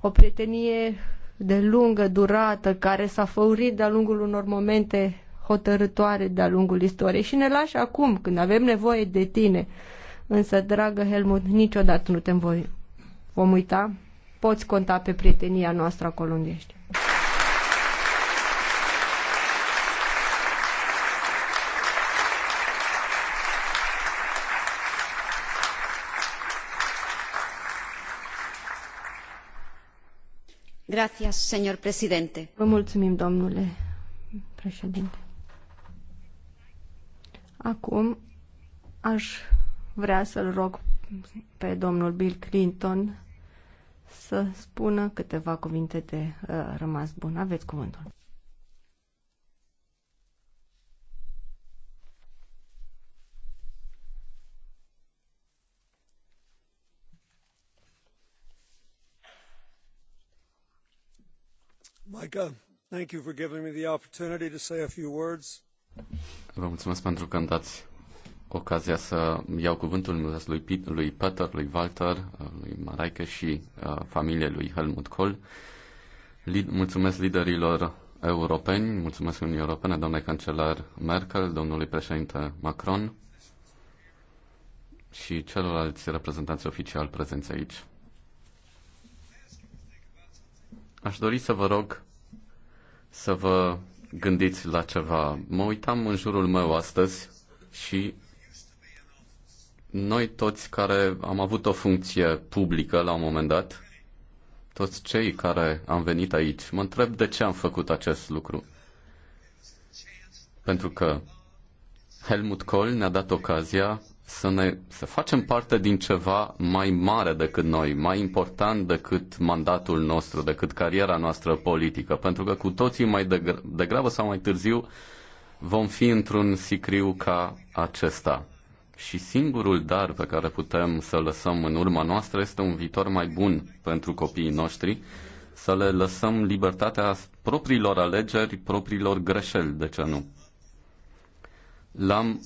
o prietenie de lungă durată care s-a făurit de-a lungul unor momente hotărătoare de-a lungul istoriei și ne lași acum, când avem nevoie de tine. Însă, dragă Helmut, niciodată nu te voi vom uita. Poți conta pe prietenia noastră acolo unde ești. Gracias, señor presidente. Vă mulțumim, domnule președinte. Acum aș vrea să-l rog pe domnul Bill Clinton să spună câteva cuvinte de uh, rămas bun. Aveți cuvântul. Micah, thank you for giving me the opportunity to say a few words. Vă mulțumesc pentru că îmi dați ocazia să iau cuvântul mulțumesc lui, Pit, lui Peter, lui Walter, lui Maraică și uh, familiei lui Helmut Kohl. mulțumesc liderilor europeni, mulțumesc Uniunii Europene, doamnei cancelar Merkel, domnului președinte Macron și celorlalți reprezentanți oficiali prezenți aici. Aș dori să vă rog să vă gândiți la ceva. Mă uitam în jurul meu astăzi și noi toți care am avut o funcție publică la un moment dat, toți cei care am venit aici, mă întreb de ce am făcut acest lucru. Pentru că Helmut Kohl ne-a dat ocazia să, ne, să facem parte din ceva mai mare decât noi, mai important decât mandatul nostru, decât cariera noastră politică, pentru că cu toții mai degr- degrabă sau mai târziu vom fi într-un sicriu ca acesta. Și singurul dar pe care putem să lăsăm în urma noastră este un viitor mai bun pentru copiii noștri, să le lăsăm libertatea propriilor alegeri, propriilor greșeli, de ce nu? L-am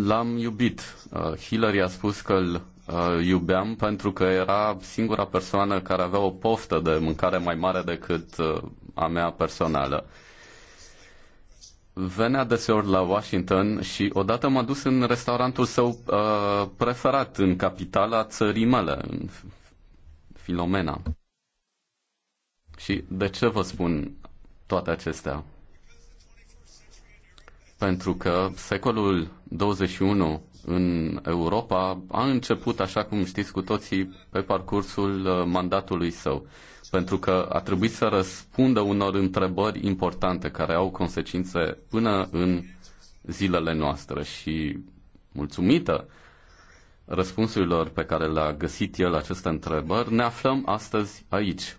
L-am iubit. Uh, Hillary a spus că îl uh, iubeam pentru că era singura persoană care avea o poftă de mâncare mai mare decât uh, a mea personală. Venea deseori la Washington și odată m-a dus în restaurantul său uh, preferat în capitala țării mele, în Filomena. Și de ce vă spun toate acestea? Pentru că secolul 21 în Europa a început, așa cum știți cu toții, pe parcursul uh, mandatului său. Pentru că a trebuit să răspundă unor întrebări importante care au consecințe până în zilele noastre și mulțumită răspunsurilor pe care le-a găsit el aceste întrebări, ne aflăm astăzi aici,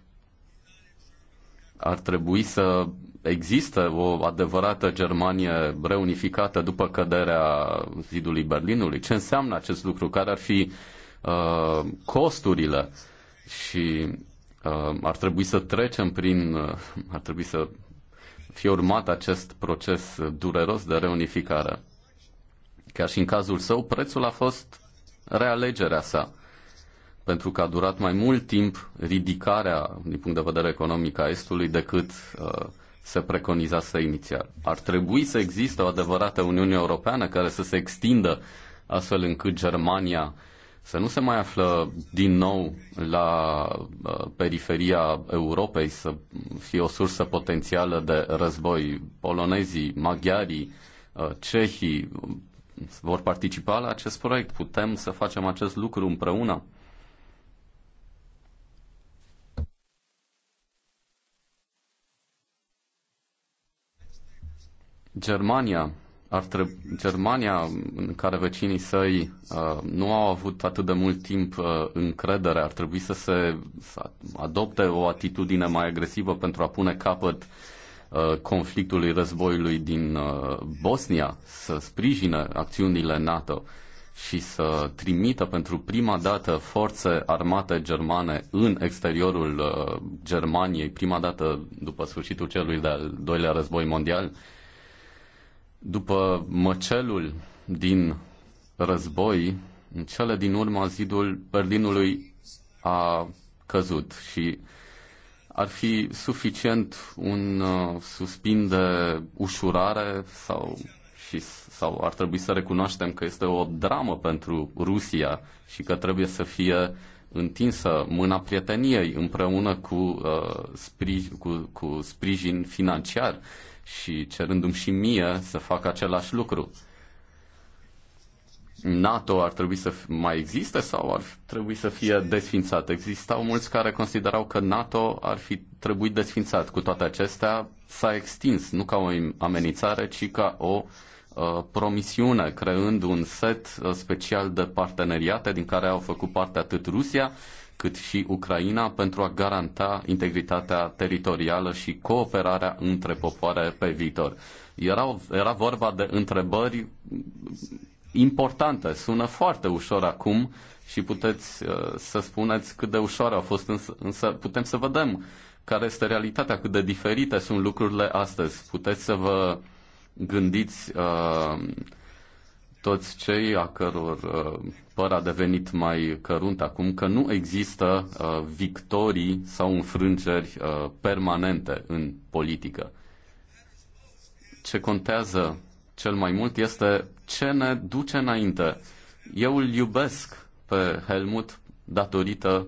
ar trebui să există o adevărată Germanie reunificată după căderea zidului Berlinului? Ce înseamnă acest lucru? Care ar fi uh, costurile? Și uh, ar trebui să trecem prin. Uh, ar trebui să fie urmat acest proces dureros de reunificare. Chiar și în cazul său, prețul a fost realegerea sa pentru că a durat mai mult timp ridicarea din punct de vedere economic a Estului decât uh, se preconizase inițial. Ar trebui să existe o adevărată Uniune Europeană care să se extindă astfel încât Germania să nu se mai află din nou la uh, periferia Europei, să fie o sursă potențială de război. Polonezii, maghiarii, uh, cehii vor participa la acest proiect. Putem să facem acest lucru împreună? Germania, ar trebui, Germania, în care vecinii săi uh, nu au avut atât de mult timp uh, încredere, ar trebui să se să adopte o atitudine mai agresivă pentru a pune capăt uh, conflictului războiului din uh, Bosnia, să sprijine acțiunile NATO și să trimită pentru prima dată forțe armate germane în exteriorul uh, Germaniei, prima dată după sfârșitul celui de-al doilea război mondial. Uh, după măcelul din război, în cele din urmă zidul Berlinului a căzut și ar fi suficient un uh, suspin de ușurare sau, și, sau ar trebui să recunoaștem că este o dramă pentru Rusia și că trebuie să fie întinsă mâna prieteniei împreună cu, uh, sprij- cu, cu sprijin financiar uh, și cerându-mi și mie să fac același lucru. NATO ar trebui să mai existe sau ar trebui să fie desfințat? Existau mulți care considerau că NATO ar fi trebuit desfințat. Cu toate acestea, s-a extins nu ca o amenințare, ci ca o uh, promisiune, creând un set uh, special de parteneriate din care au făcut parte atât Rusia, cât și Ucraina pentru a garanta integritatea teritorială și cooperarea între popoare pe viitor. Era, era vorba de întrebări importante, sună foarte ușor acum și puteți uh, să spuneți cât de ușor au fost, însă, însă putem să vedem care este realitatea, cât de diferite sunt lucrurile astăzi. Puteți să vă gândiți uh, toți cei a căror uh, păr a devenit mai cărunt acum că nu există uh, victorii sau înfrângeri uh, permanente în politică. Ce contează cel mai mult este ce ne duce înainte. Eu îl iubesc pe Helmut datorită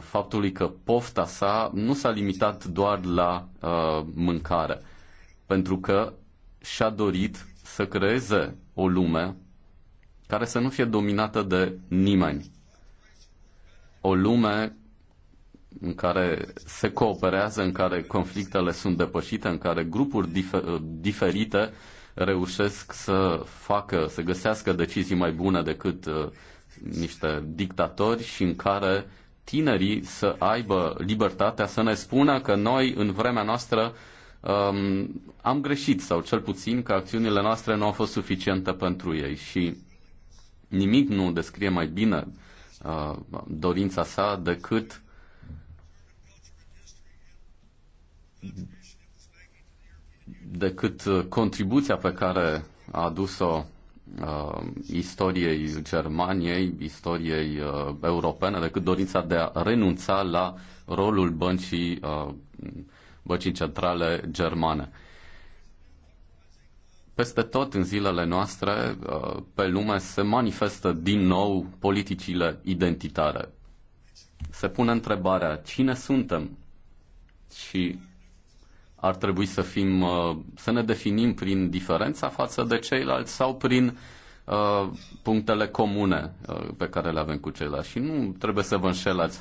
faptului că pofta sa nu s-a limitat doar la mâncare, pentru că și-a dorit să creeze o lume care să nu fie dominată de nimeni. O lume în care se cooperează, în care conflictele sunt depășite, în care grupuri difer- diferite reușesc să facă, să găsească decizii mai bune decât uh, niște dictatori și în care tinerii să aibă libertatea să ne spună că noi, în vremea noastră, um, am greșit sau cel puțin că acțiunile noastre nu au fost suficiente pentru ei și nimic nu descrie mai bine uh, dorința sa decât decât uh, contribuția pe care a adus-o uh, istoriei Germaniei, istoriei uh, europene, decât dorința de a renunța la rolul băncii uh, Băcii Centrale Germane. Peste tot în zilele noastre, uh, pe lume, se manifestă din nou politicile identitare. Se pune întrebarea cine suntem și ar trebui să fim, uh, să ne definim prin diferența față de ceilalți sau prin Uh, punctele comune uh, pe care le avem cu ceilalți. Și nu trebuie să vă înșelați.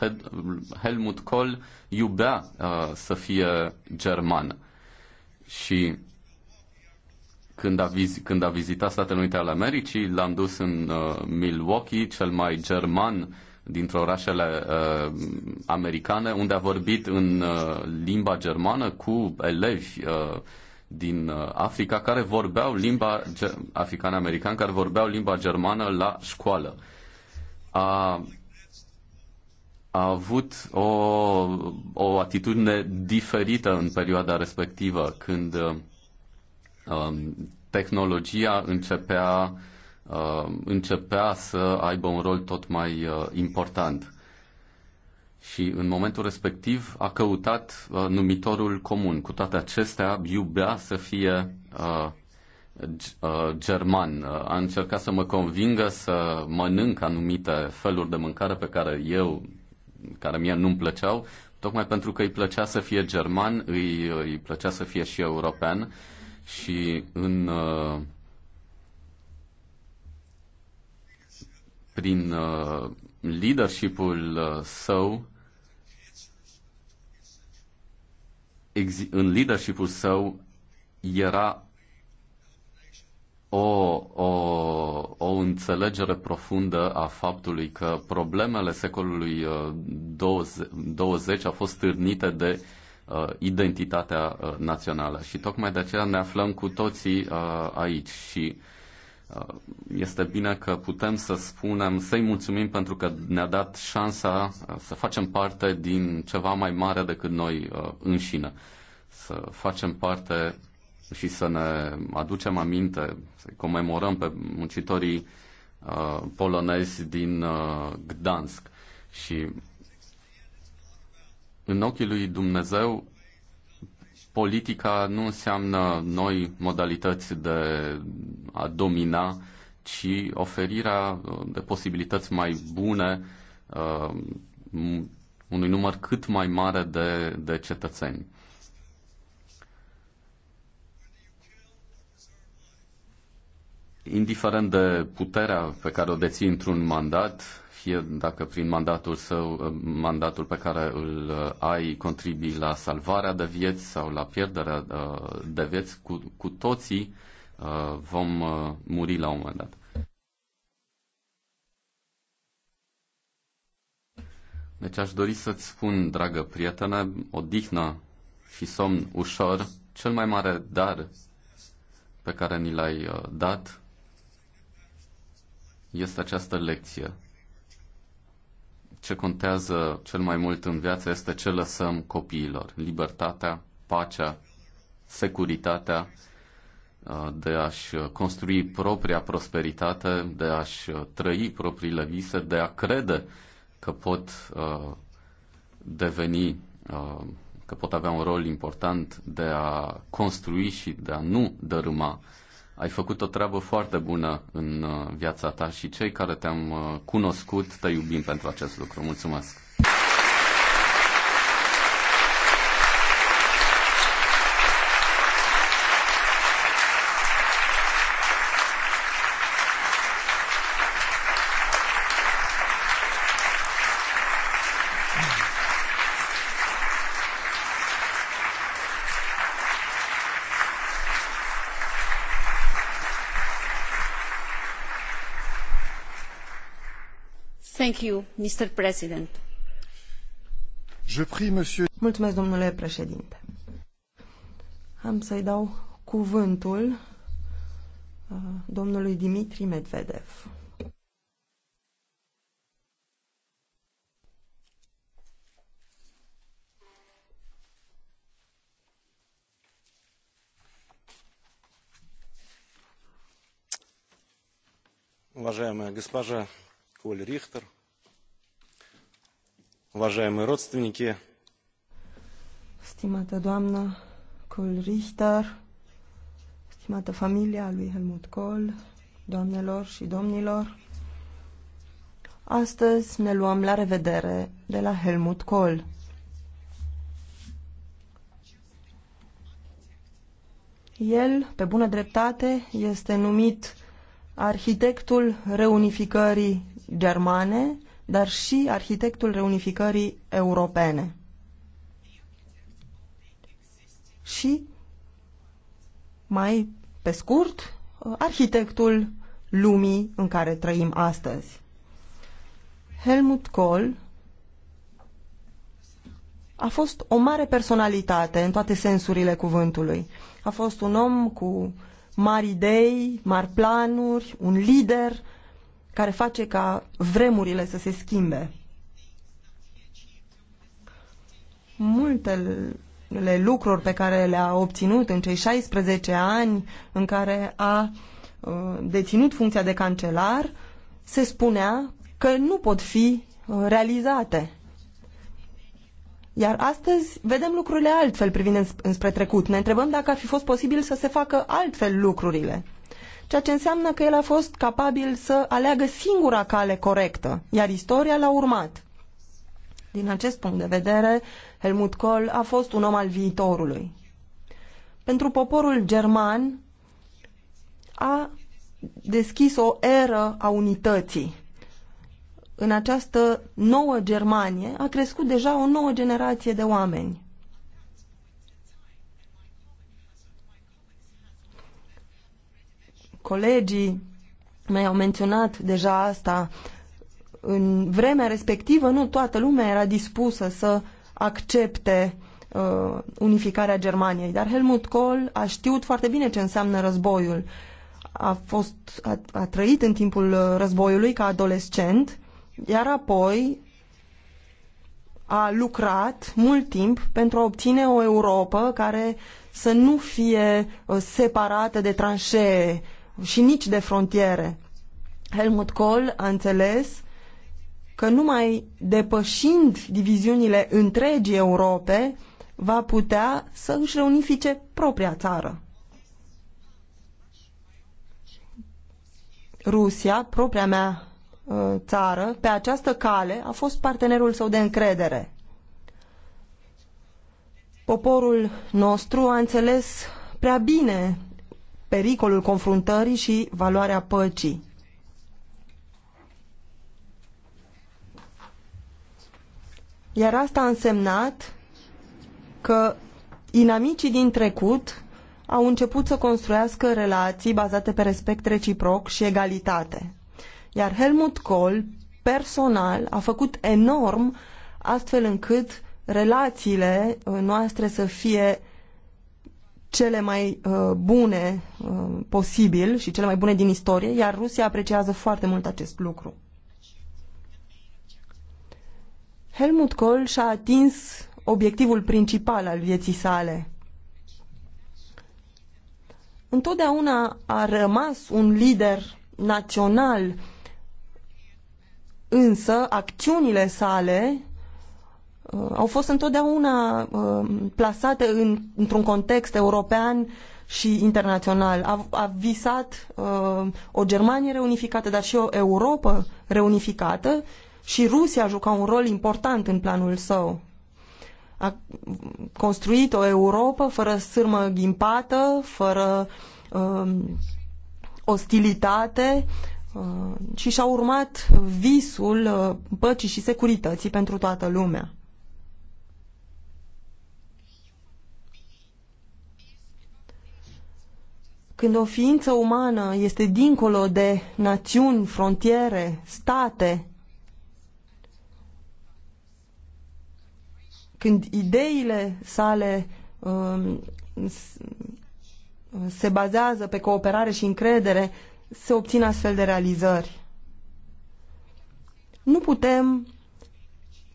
Helmut Kohl iubea uh, să fie german. Și când a, viz- când a vizitat Statele Unite ale Americii, l-am dus în uh, Milwaukee, cel mai german dintre orașele uh, americane, unde a vorbit în uh, limba germană cu elevi uh, din uh, Africa care vorbeau limba african-american, care vorbeau limba germană la școală. A, a avut o, o atitudine diferită în perioada respectivă, când um, tehnologia începea, um, începea să aibă un rol tot mai uh, important și în momentul respectiv a căutat uh, numitorul comun. Cu toate acestea, iubea să fie uh, uh, german. Uh, a încercat să mă convingă să mănânc anumite feluri de mâncare pe care eu, care mie nu-mi plăceau, tocmai pentru că îi plăcea să fie german, îi, îi plăcea să fie și european și în uh, prin uh, leadership-ul uh, său în leadership-ul său era o, o, o înțelegere profundă a faptului că problemele secolului 20, uh, 20 au fost târnite de uh, identitatea uh, națională. Și tocmai de aceea ne aflăm cu toții uh, aici și uh, Uh, este bine că putem să spunem, să-i mulțumim pentru că ne-a dat șansa uh, să facem parte din ceva mai mare decât noi uh, înșine. Să facem parte și să ne aducem aminte, să comemorăm pe muncitorii polonezi din Gdansk. Și în ochii lui Dumnezeu politica nu înseamnă noi modalități de a domina, ci oferirea uh, de posibilități mai bune uh, unui număr cât mai mare de, de cetățeni. Indiferent de puterea pe care o deții într-un mandat, fie dacă prin mandatul său, ă, mandatul pe care îl ă, ai, contribui la salvarea de vieți sau la pierderea ă, de vieți, cu, cu toții vom muri la un moment dat. Deci aș dori să-ți spun, dragă prietene, odihnă și somn ușor, cel mai mare dar pe care ni l-ai dat este această lecție ce contează cel mai mult în viață este ce lăsăm copiilor. Libertatea, pacea, securitatea uh, de a-și uh, construi propria prosperitate, de a-și uh, trăi propriile vise, de a crede că pot deveni, că pot avea un rol important de a construi și de a nu dărâma ai făcut o treabă foarte bună în uh, viața ta și cei care te-am uh, cunoscut te iubim pentru acest lucru. Mulțumesc! Mulțumesc, domnule președinte. Am să-i dau cuvântul uh, domnului Dimitri Medvedev. Уважаемая госпожа поль рихтер уважаемые родственники stimată doamnă Kohl Richter, stimată familia lui Helmut Kohl, doamnelor și domnilor, astăzi ne luăm la revedere de la Helmut Kohl. El, pe bună dreptate, este numit arhitectul reunificării germane, dar și arhitectul reunificării europene. Și, mai pe scurt, arhitectul lumii în care trăim astăzi. Helmut Kohl a fost o mare personalitate în toate sensurile cuvântului. A fost un om cu mari idei, mari planuri, un lider care face ca vremurile să se schimbe. Multele lucruri pe care le-a obținut în cei 16 ani în care a uh, deținut funcția de cancelar, se spunea că nu pot fi uh, realizate. Iar astăzi vedem lucrurile altfel privind înspre trecut. Ne întrebăm dacă ar fi fost posibil să se facă altfel lucrurile ceea ce înseamnă că el a fost capabil să aleagă singura cale corectă, iar istoria l-a urmat. Din acest punct de vedere, Helmut Kohl a fost un om al viitorului. Pentru poporul german a deschis o eră a unității. În această nouă Germanie a crescut deja o nouă generație de oameni. Colegii mei au menționat deja asta. În vremea respectivă, nu toată lumea era dispusă să accepte uh, unificarea Germaniei, dar Helmut Kohl a știut foarte bine ce înseamnă războiul. A, fost, a, a trăit în timpul uh, războiului ca adolescent, iar apoi a lucrat mult timp pentru a obține o Europa care să nu fie uh, separată de tranșee, și nici de frontiere. Helmut Kohl a înțeles că numai depășind diviziunile întregii Europe va putea să își reunifice propria țară. Rusia, propria mea ă, țară, pe această cale a fost partenerul său de încredere. Poporul nostru a înțeles prea bine pericolul confruntării și valoarea păcii. Iar asta a însemnat că inamicii din trecut au început să construiască relații bazate pe respect reciproc și egalitate. Iar Helmut Kohl, personal, a făcut enorm astfel încât relațiile noastre să fie cele mai uh, bune uh, posibil și cele mai bune din istorie, iar Rusia apreciază foarte mult acest lucru. Helmut Kohl și-a atins obiectivul principal al vieții sale. Întotdeauna a rămas un lider național, însă acțiunile sale Uh, au fost întotdeauna uh, plasate în, într-un context european și internațional. A, a visat uh, o Germanie reunificată, dar și o Europa reunificată și Rusia a jucat un rol important în planul său. A construit o Europa fără sârmă ghimpată, fără uh, ostilitate uh, și și-a urmat visul uh, păcii și securității pentru toată lumea. Când o ființă umană este dincolo de națiuni, frontiere, state, când ideile sale um, se bazează pe cooperare și încredere, se obțin astfel de realizări. Nu putem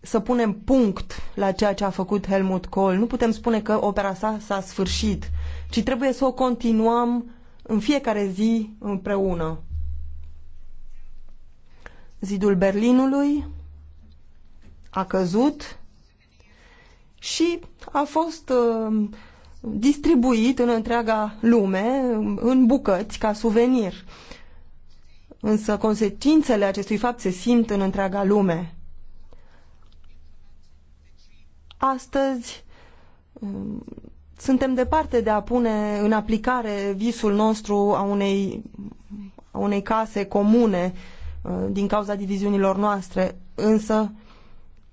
să punem punct la ceea ce a făcut Helmut Kohl. Nu putem spune că opera sa s-a sfârșit ci trebuie să o continuăm în fiecare zi împreună. Zidul Berlinului a căzut și a fost uh, distribuit în întreaga lume în bucăți ca suvenir. Însă consecințele acestui fapt se simt în întreaga lume. Astăzi uh, suntem departe de a pune în aplicare visul nostru a unei, a unei case comune uh, din cauza diviziunilor noastre, însă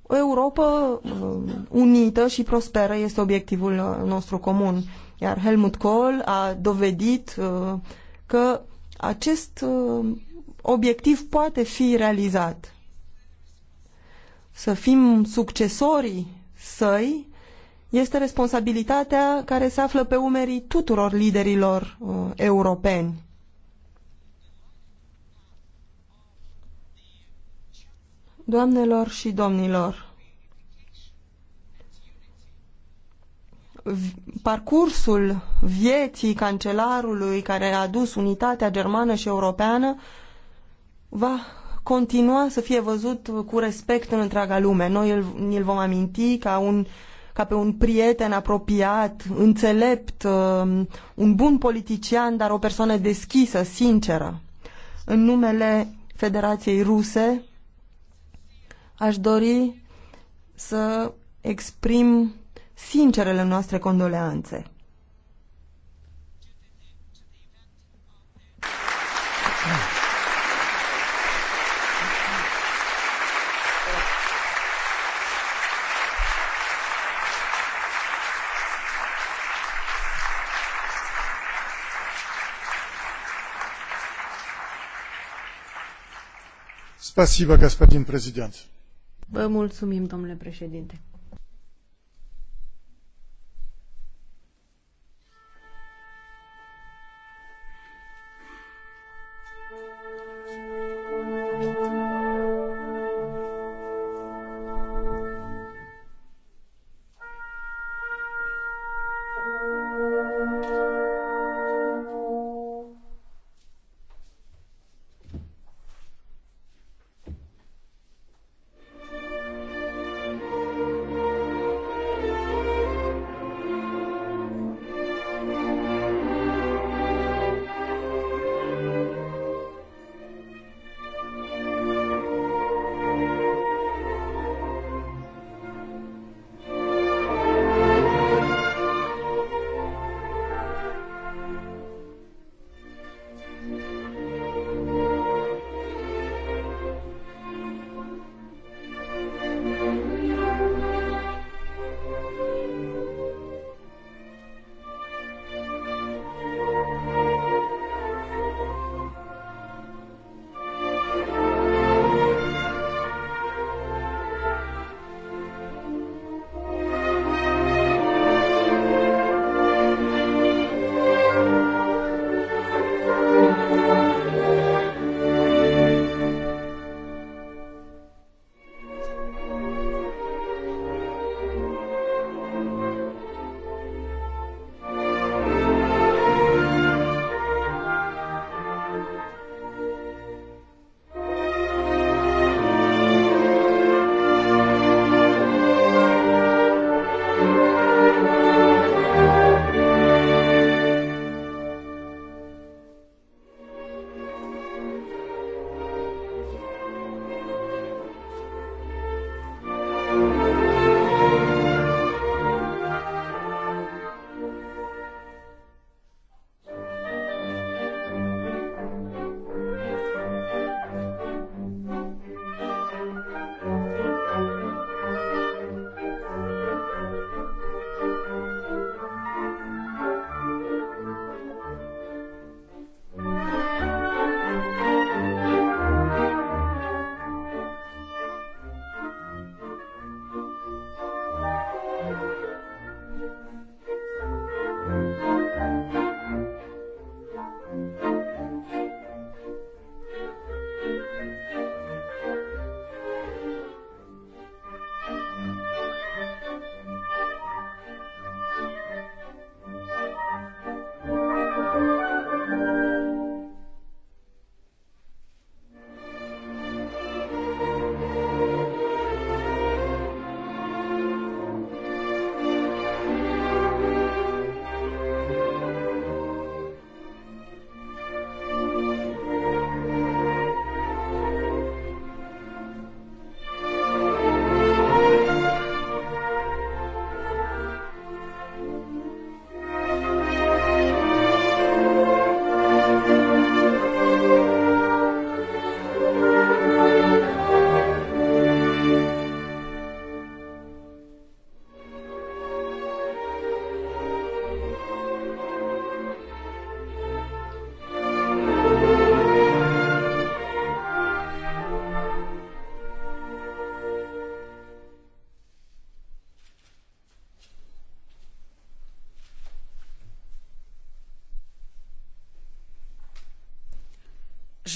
o Europa uh, unită și prosperă este obiectivul uh, nostru comun. Iar Helmut Kohl a dovedit că acest obiectiv poate fi realizat. Să fim succesorii săi este responsabilitatea care se află pe umerii tuturor liderilor uh, europeni. Doamnelor și domnilor, parcursul vieții cancelarului care a adus unitatea germană și europeană va continua să fie văzut cu respect în întreaga lume. Noi îl, îl vom aminti ca un uh, ca pe un prieten apropiat, înțelept, um, un bun politician, dar o persoană deschisă, sinceră. În numele Federației Ruse aș dori să exprim sincerele noastre condoleanțe. Vă mulțumim, domnule președinte.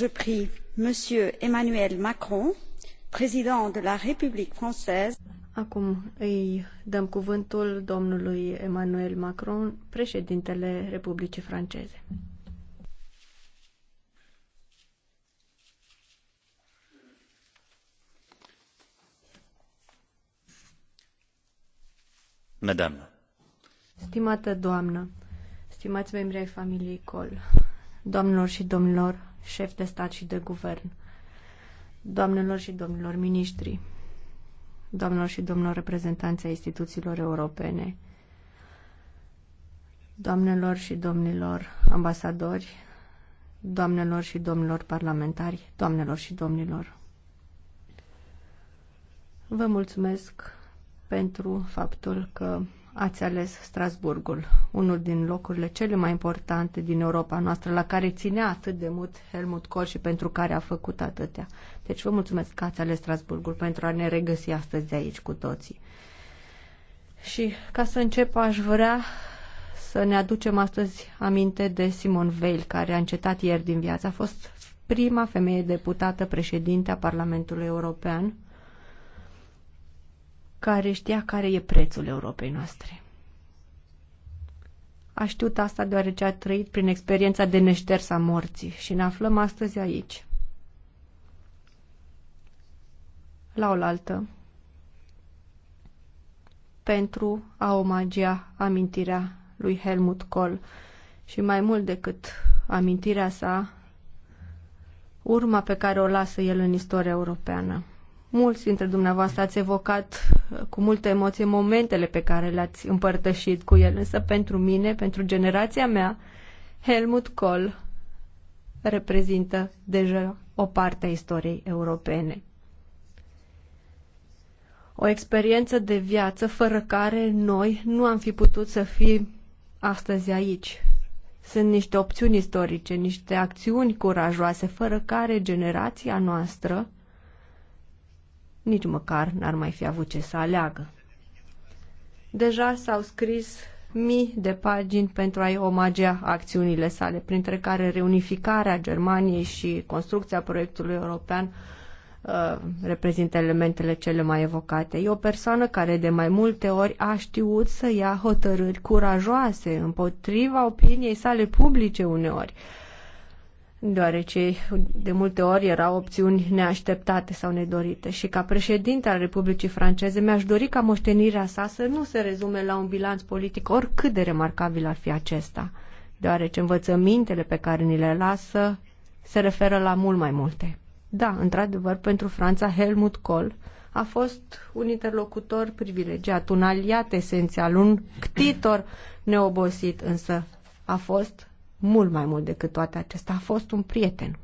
je prie m. emmanuel macron président de la république française Acum îi dăm cuvântul domnului Emmanuel Macron, președintele Republicii Franceze. Madame. Stimată doamnă, stimați membri ai familiei Col, doamnelor și domnilor, șef de stat și de guvern, doamnelor și domnilor miniștri, doamnelor și domnilor reprezentanți ai instituțiilor europene, doamnelor și domnilor ambasadori, doamnelor și domnilor parlamentari, doamnelor și domnilor. Vă mulțumesc pentru faptul că ați ales Strasburgul, unul din locurile cele mai importante din Europa noastră, la care ținea atât de mult Helmut Kohl și pentru care a făcut atâtea. Deci vă mulțumesc că ați ales Strasburgul pentru a ne regăsi astăzi de aici cu toții. Și ca să încep, aș vrea să ne aducem astăzi aminte de Simon Veil, care a încetat ieri din viață. A fost prima femeie deputată președinte a Parlamentului European care știa care e prețul Europei noastre. A știut asta deoarece a trăit prin experiența de a morții și ne aflăm astăzi aici. La oaltă. Pentru a omagia amintirea lui Helmut Kohl și mai mult decât amintirea sa, urma pe care o lasă el în istoria europeană. Mulți dintre dumneavoastră ați evocat uh, cu multă emoție momentele pe care le-ați împărtășit cu el, însă pentru mine, pentru generația mea, Helmut Kohl reprezintă deja o parte a istoriei europene. O experiență de viață fără care noi nu am fi putut să fim astăzi aici. Sunt niște opțiuni istorice, niște acțiuni curajoase, fără care generația noastră nici măcar n-ar mai fi avut ce să aleagă. Deja s-au scris mii de pagini pentru a-i omagea acțiunile sale, printre care reunificarea Germaniei și construcția proiectului european uh, reprezintă elementele cele mai evocate. E o persoană care de mai multe ori a știut să ia hotărâri curajoase împotriva opiniei sale publice uneori. Uh, deoarece de multe ori erau opțiuni neașteptate sau nedorite. Și ca președinte al Republicii Franceze mi-aș dori ca moștenirea sa să nu se rezume la un bilanț politic, oricât de remarcabil ar fi acesta, deoarece învățămintele pe care ni le lasă se referă la mult mai multe. Da, într-adevăr, pentru Franța, Helmut Kohl a fost un interlocutor privilegiat, un aliat esențial, un ctitor neobosit, însă a fost mult mai mult decât toate acestea. A fost un prieten.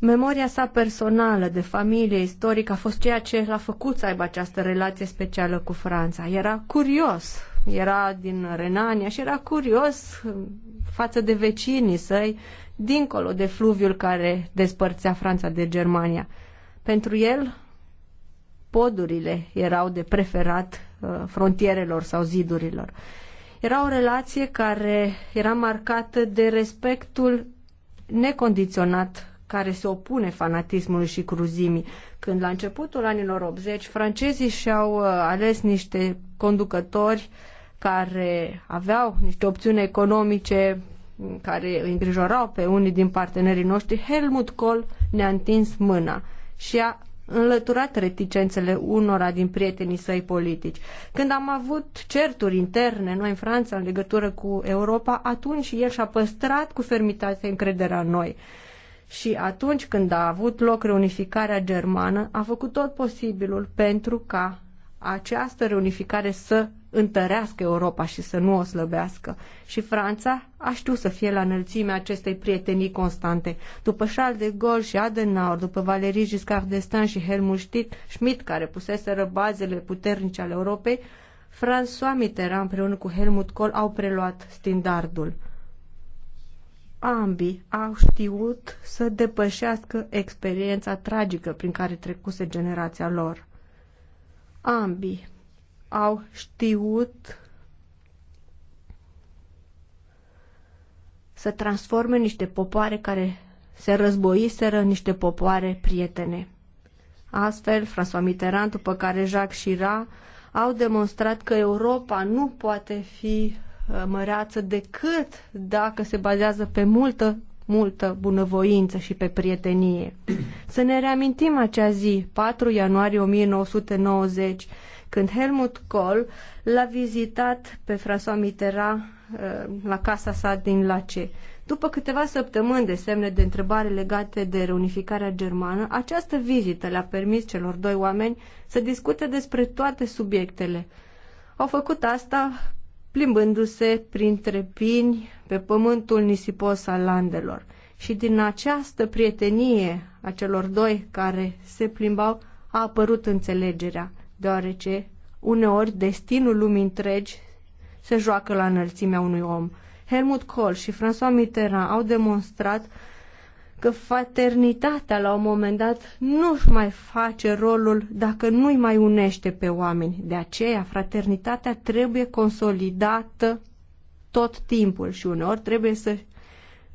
Memoria sa personală, de familie, istorică, a fost ceea ce l-a făcut să aibă această relație specială cu Franța. Era curios, era din Renania și era curios față de vecinii săi, dincolo de fluviul care despărțea Franța de Germania. Pentru el, podurile erau de preferat Uh, frontierelor sau zidurilor. Era o relație care era marcată de respectul necondiționat care se opune fanatismului și cruzimii. Când la începutul anilor 80 francezii și-au uh, ales niște conducători care aveau niște opțiuni economice mm, care îi îngrijorau pe unii din partenerii noștri, Helmut Kohl ne-a întins mâna și a înlăturat reticențele unora din prietenii săi politici. Când am avut certuri interne, noi în Franța, în legătură cu Europa, atunci el și-a păstrat cu fermitate încrederea în noi. Și atunci când a avut loc reunificarea germană, a făcut tot posibilul pentru ca această reunificare să întărească Europa și să nu o slăbească. Și Franța a știut să fie la înălțimea acestei prietenii constante. După Charles de Gaulle și Adenauer, după Valéry Giscard d'Estaing și Helmut Schmidt, care puseseră bazele puternice ale Europei, François Mitterrand împreună cu Helmut Kohl au preluat standardul. Ambii au știut să depășească experiența tragică prin care trecuse generația lor. Ambii au știut să transforme niște popoare care se războiseră în niște popoare prietene. Astfel, François Mitterrand, după care Jacques Chirac, au demonstrat că Europa nu poate fi uh, măreață decât dacă se bazează pe multă, multă bunăvoință și pe prietenie. Să ne reamintim acea zi, 4 ianuarie 1990, când Helmut Kohl l-a vizitat pe François Mitterrand uh, la casa sa din Lace. După câteva săptămâni de semne de întrebare legate de reunificarea germană, această vizită le-a permis celor doi oameni să discute despre toate subiectele. Au făcut asta plimbându-se printre pini pe pământul nisipos al landelor. Și din această prietenie a celor doi care se plimbau a apărut înțelegerea deoarece uneori destinul lumii întregi se joacă la înălțimea unui om. Helmut Kohl și François Mitterrand au demonstrat că fraternitatea la un moment dat nu își mai face rolul dacă nu îi mai unește pe oameni. De aceea, fraternitatea trebuie consolidată tot timpul și uneori trebuie să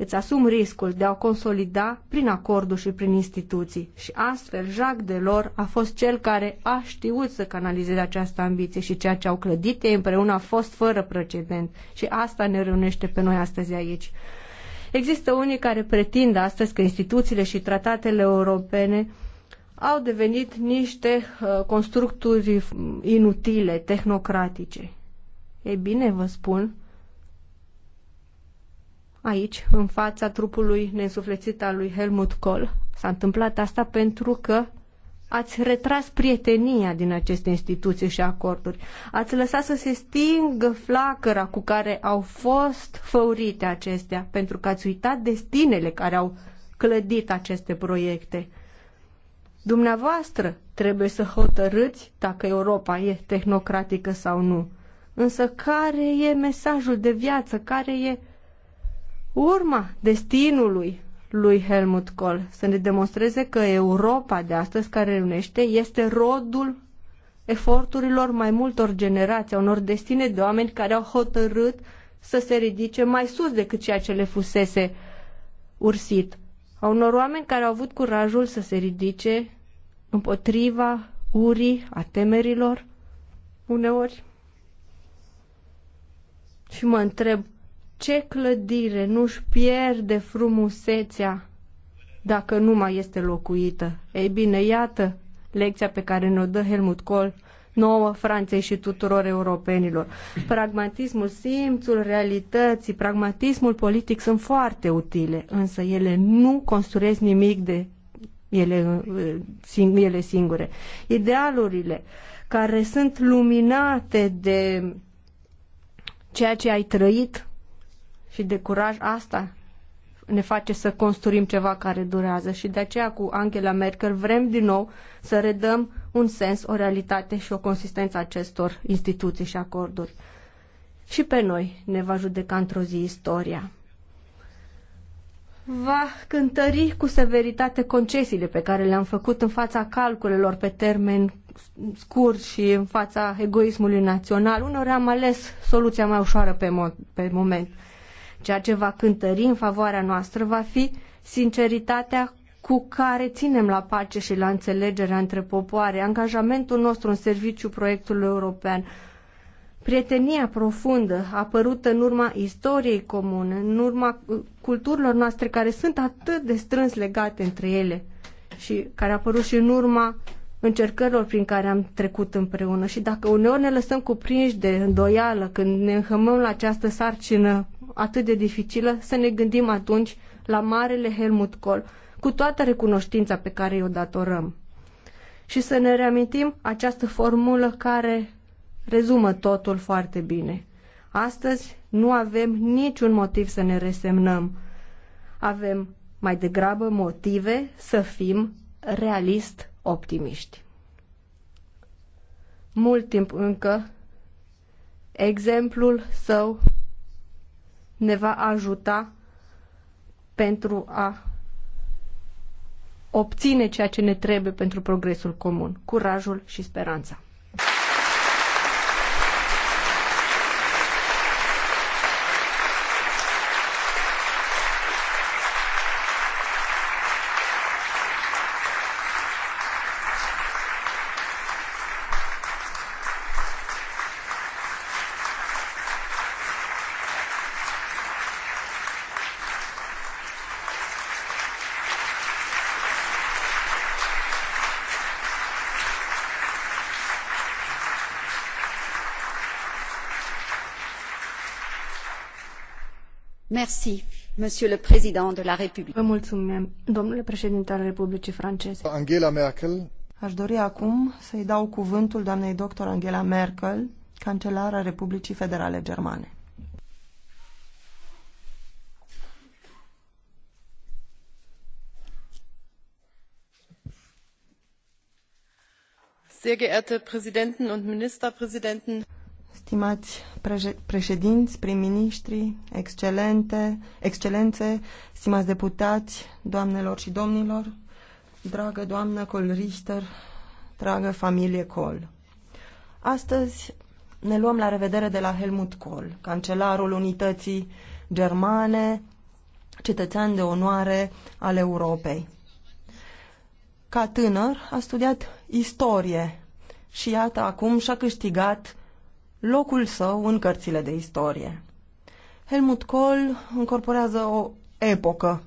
îți asum riscul de a consolida prin acorduri și prin instituții. Și astfel, Jacques Delors a fost cel care a știut să canalizeze această ambiție și ceea ce au clădit ei împreună a fost fără precedent. Și asta ne reunește pe noi astăzi aici. Există unii care pretind astăzi că instituțiile și tratatele europene au devenit niște uh, constructuri inutile, tehnocratice. Ei bine, vă spun aici, în fața trupului nesuflețit al lui Helmut Kohl. S-a întâmplat asta pentru că ați retras prietenia din aceste instituții și acorduri. Ați lăsat să se stingă flacăra cu care au fost făurite acestea, pentru că ați uitat destinele care au clădit aceste proiecte. Dumneavoastră trebuie să hotărâți dacă Europa e tehnocratică sau nu. Însă care e mesajul de viață, care e urma destinului lui Helmut Kohl, să ne demonstreze că Europa de astăzi care reunește este rodul eforturilor mai multor generații, unor destine de oameni care au hotărât să se ridice mai sus decât ceea ce le fusese ursit. A unor oameni care au avut curajul să se ridice împotriva urii, a temerilor, uneori. Și mă întreb ce clădire nu-și pierde frumusețea dacă nu mai este locuită. Ei bine, iată lecția pe care ne-o dă Helmut Kohl nouă Franței și tuturor europenilor. Pragmatismul, simțul realității, pragmatismul politic sunt foarte utile, însă ele nu construiesc nimic de ele, uh, ele singure. Idealurile care sunt luminate de ceea ce ai trăit și de curaj, asta ne face să construim ceva care durează și de aceea cu Angela Merkel vrem din nou să redăm un sens, o realitate și o consistență acestor instituții și acorduri. Și pe noi ne va judeca într-o zi istoria. Va cântări cu severitate concesiile pe care le-am făcut în fața calculelor pe termen scurt și în fața egoismului național. Unor am ales soluția mai ușoară pe, mo- pe moment Ceea ce va cântări în favoarea noastră va fi sinceritatea cu care ținem la pace și la înțelegerea între popoare, angajamentul nostru în serviciu proiectului european, prietenia profundă apărută în urma istoriei comune, în urma uh, culturilor noastre care sunt atât de strâns legate între ele și care a apărut și în urma încercărilor prin care am trecut împreună. Și dacă uneori ne lăsăm cuprinși de îndoială când ne înhămăm la această sarcină atât de dificilă, să ne gândim atunci la marele Helmut Kohl, cu toată recunoștința pe care i-o datorăm. Și să ne reamintim această formulă care rezumă totul foarte bine. Astăzi nu avem niciun motiv să ne resemnăm. Avem mai degrabă motive să fim realist optimiști. Mult timp încă, exemplul său ne va ajuta pentru a obține ceea ce ne trebuie pentru progresul comun, curajul și speranța. Merci, Monsieur le Président de la République. Vă mulțumim, domnule președinte al Republicii Franceze. Angela Merkel. Aș dori acum să-i dau cuvântul doamnei doctor Angela Merkel, cancelara Republicii Federale Germane. sehr geehrte präsidenten und ministerpräsidenten! stimați președinți, prim-ministri, excelente, excelențe, stimați deputați, doamnelor și domnilor, dragă doamnă Col Richter, dragă familie Col. Astăzi ne luăm la revedere de la Helmut Kohl, cancelarul unității germane, cetățean de onoare al Europei. Ca tânăr a studiat istorie și iată acum și-a câștigat locul său în cărțile de istorie. Helmut Kohl încorporează o epocă.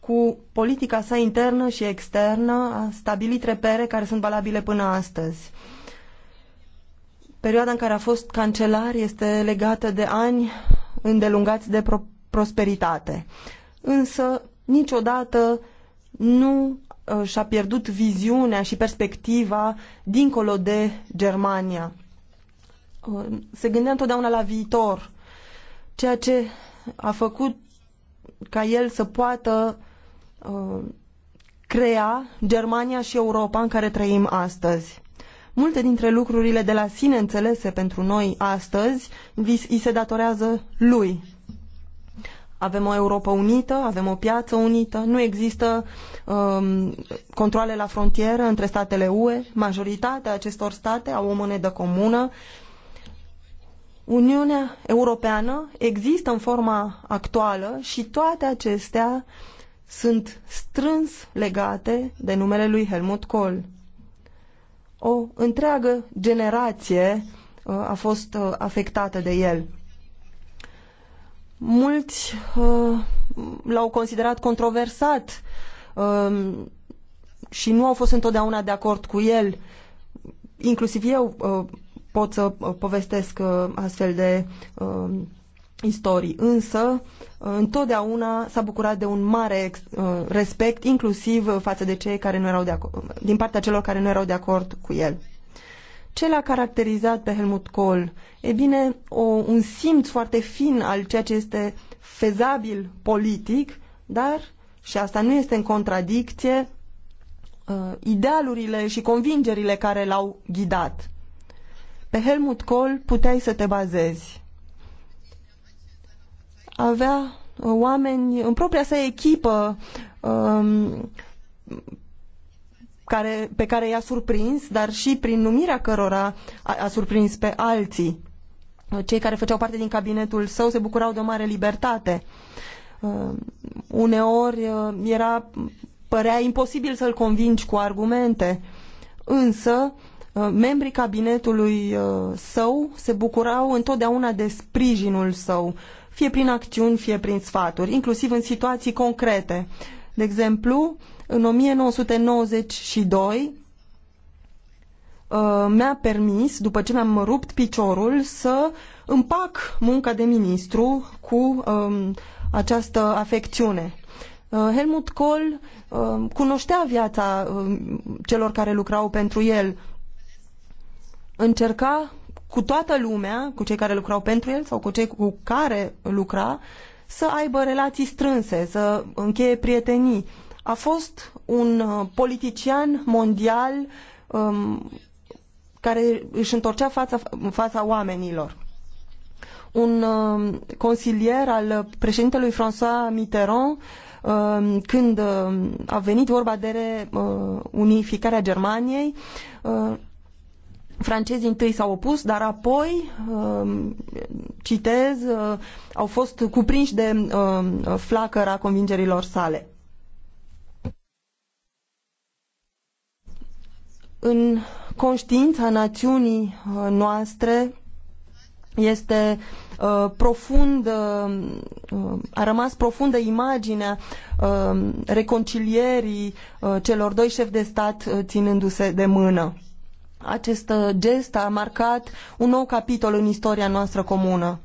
Cu politica sa internă și externă a stabilit repere care sunt valabile până astăzi. Perioada în care a fost cancelar este legată de ani îndelungați de pro- prosperitate. Însă, niciodată nu uh, și-a pierdut viziunea și perspectiva dincolo de Germania se gândea întotdeauna la viitor, ceea ce a făcut ca el să poată crea Germania și Europa în care trăim astăzi. Multe dintre lucrurile de la sine înțelese pentru noi astăzi îi se datorează lui. Avem o Europa unită, avem o piață unită, nu există um, controle la frontieră între statele UE, majoritatea acestor state au o monedă comună Uniunea Europeană există în forma actuală și toate acestea sunt strâns legate de numele lui Helmut Kohl. O întreagă generație uh, a fost uh, afectată de el. Mulți uh, l-au considerat controversat um, și nu au fost întotdeauna de acord cu el. Inclusiv eu pot să uh, povestesc uh, astfel de uh, istorii, însă uh, întotdeauna s-a bucurat de un mare respect, inclusiv față de cei care nu erau de acord, din partea celor care nu erau de acord cu el. Ce l-a caracterizat pe Helmut Kohl? E bine, o, un simț foarte fin al ceea ce este fezabil politic, dar, și asta nu este în contradicție, idealurile și convingerile care l-au ghidat pe Helmut Kohl puteai să te bazezi. Avea uh, oameni în propria sa echipă um, care, pe care i-a surprins, dar și prin numirea cărora a, a surprins pe alții. Uh, cei care făceau parte din cabinetul său se bucurau de o mare libertate. Uh, uneori uh, era, părea imposibil să-l convingi cu argumente, însă Uh, membrii cabinetului uh, său se bucurau întotdeauna de sprijinul său, fie prin acțiuni, fie prin sfaturi, inclusiv în situații concrete. De exemplu, în 1992 uh, mi-a permis, după ce mi-am rupt piciorul, să împac munca de ministru cu um, această afecțiune. Helmut Kohl cunoștea viața um, celor care lucrau pentru el încerca cu toată lumea, cu cei care lucrau pentru el sau cu cei cu care lucra, să aibă relații strânse, să încheie prietenii. A fost un uh, politician mondial um, care își întorcea fața, fața oamenilor. Un um, consilier al președintelui François Mitterrand, um, când um, a venit vorba de uh, unificarea Germaniei, uh, francezii întâi s-au opus, dar apoi, um, citez, uh, au fost cuprinși de um, flacăra convingerilor sale. În conștiința națiunii uh, noastre este uh, profund, a rămas profundă imaginea reconcilierii celor doi șefi de stat ținându-se de mână acest uh, gest a marcat un nou capitol în istoria noastră comună.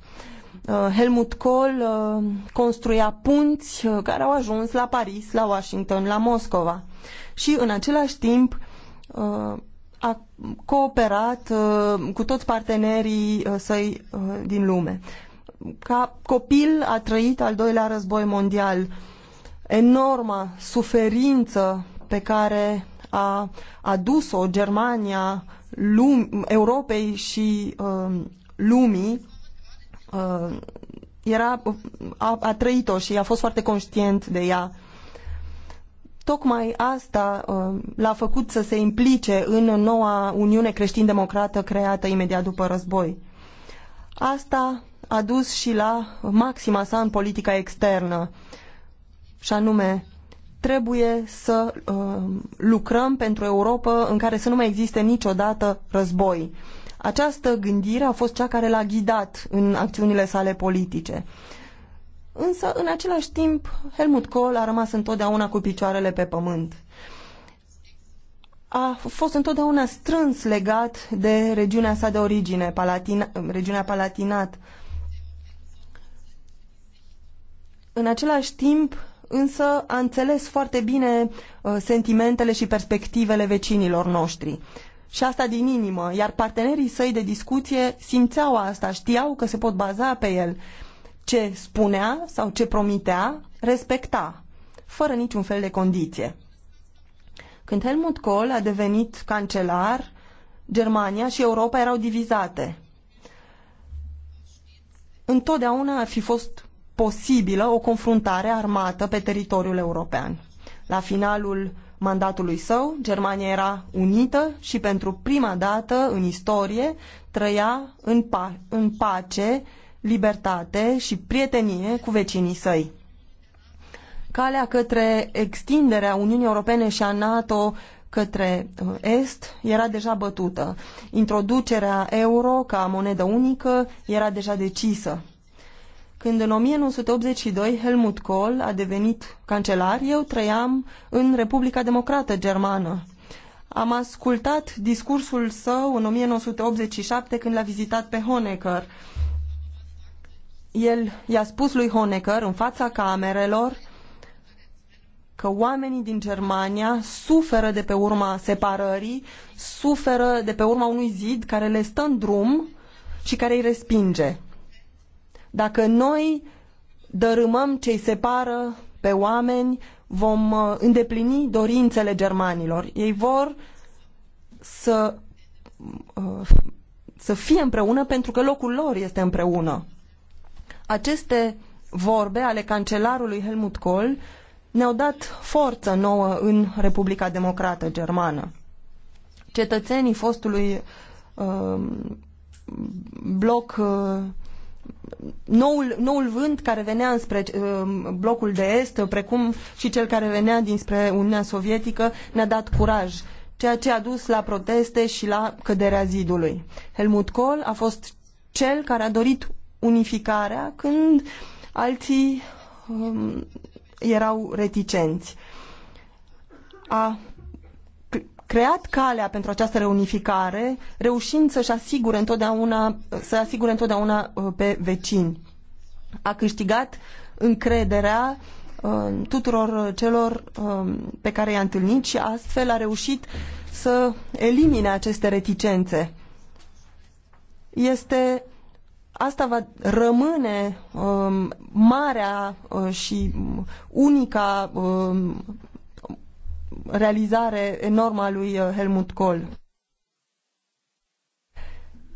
Uh, Helmut Kohl uh, construia punți care au ajuns la Paris, la Washington, la Moscova. Și în același timp a cooperat cu toți partenerii săi din lume. Ca copil a trăit al doilea război mondial, enorma suferință pe care a adus-o Germania lum, Europei și uh, lumii uh, era, a, a trăit-o și a fost foarte conștient de ea. Tocmai asta uh, l-a făcut să se implice în noua Uniune creștin-democrată creată imediat după război. Asta a dus și la maxima sa în politica externă, și anume trebuie să uh, lucrăm pentru Europa în care să nu mai existe niciodată război. Această gândire a fost cea care l-a ghidat în acțiunile sale politice. Însă, în același timp, Helmut Kohl a rămas întotdeauna cu picioarele pe pământ. A fost întotdeauna strâns legat de regiunea sa de origine, Palatina, regiunea Palatinat. În același timp, însă a înțeles foarte bine uh, sentimentele și perspectivele vecinilor noștri. Și asta din inimă, iar partenerii săi de discuție simțeau asta, știau că se pot baza pe el. Ce spunea sau ce promitea, respecta, fără niciun fel de condiție. Când Helmut Kohl a devenit cancelar, Germania și Europa erau divizate. Întotdeauna ar fi fost posibilă o confruntare armată pe teritoriul european. La finalul mandatului său, Germania era unită și pentru prima dată în istorie trăia în, pa- în pace, libertate și prietenie cu vecinii săi. Calea către extinderea Uniunii Europene și a NATO către uh, Est era deja bătută. Introducerea euro ca monedă unică era deja decisă. Când în 1982 Helmut Kohl a devenit cancelar, eu trăiam în Republica Democrată Germană. Am ascultat discursul său în 1987 când l-a vizitat pe Honecker. El i-a spus lui Honecker în fața camerelor că oamenii din Germania suferă de pe urma separării, suferă de pe urma unui zid care le stă în drum și care îi respinge. Dacă noi dărâmăm ce îi separă pe oameni, vom uh, îndeplini dorințele germanilor. Ei vor să, uh, să fie împreună pentru că locul lor este împreună. Aceste vorbe ale cancelarului Helmut Kohl ne-au dat forță nouă în Republica Democrată Germană. Cetățenii fostului uh, bloc uh, noul, noul vânt care venea înspre uh, blocul de est, precum și cel care venea dinspre Uniunea Sovietică, ne-a dat curaj, ceea ce a dus la proteste și la căderea zidului. Helmut Kohl a fost cel care a dorit unificarea când alții um, erau reticenți. A creat calea pentru această reunificare, reușind să-și asigure întotdeauna, să asigure întotdeauna uh, pe vecini. A câștigat încrederea uh, tuturor celor uh, pe care i-a întâlnit și astfel a reușit să elimine aceste reticențe. Este asta va rămâne um, marea uh, și unica um, realizare enormă a lui uh, Helmut Kohl.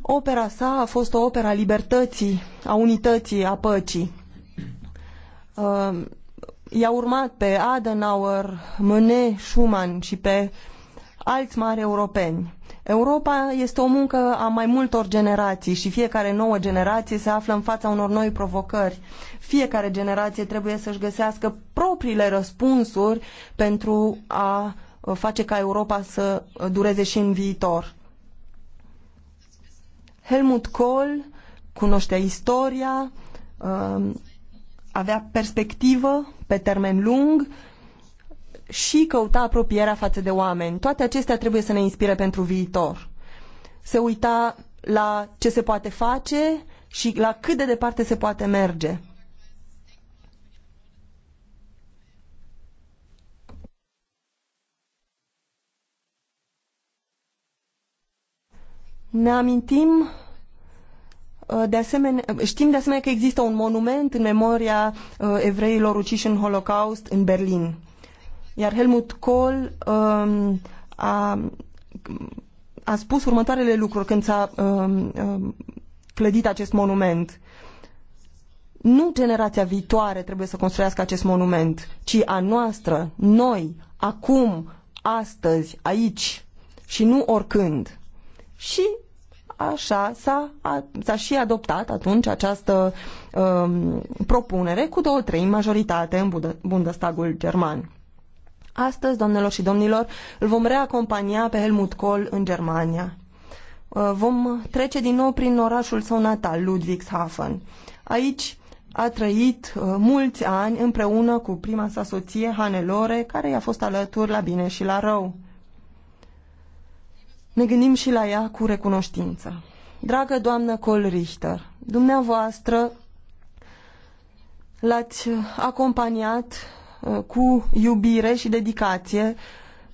Opera sa a fost o opera libertății, a unității, a păcii. Uh, i-a urmat pe Adenauer, Monet, Schumann și pe alți mari europeni. Europa este o muncă a mai multor generații și fiecare nouă generație se află în fața unor noi provocări fiecare generație trebuie să-și găsească propriile răspunsuri pentru a face ca Europa să dureze și în viitor. Helmut Kohl cunoștea istoria, um, avea perspectivă pe termen lung și căuta apropierea față de oameni. Toate acestea trebuie să ne inspire pentru viitor. Se uita la ce se poate face și la cât de departe se poate merge. Ne amintim uh, de asemenea, știm de asemenea că există un monument în memoria uh, evreilor uciși în Holocaust în Berlin. Iar Helmut Kohl um, a, a spus următoarele lucruri când s-a um, um, clădit acest monument. Nu generația viitoare trebuie să construiască acest monument, ci a noastră, noi, acum, astăzi, aici și nu oricând și așa s-a, s-a și adoptat atunci această um, propunere cu două trei majoritate în Bundestagul german. Astăzi, doamnelor și domnilor, îl vom reacompania pe Helmut Kohl în Germania. Uh, vom trece din nou prin orașul său natal, Ludwigshafen. Aici a trăit uh, mulți ani împreună cu prima sa soție, Hanelore, care i-a fost alături la bine și la rău ne gândim și la ea cu recunoștință. Dragă doamnă Col Richter, dumneavoastră l-ați uh, acompaniat uh, cu iubire și dedicație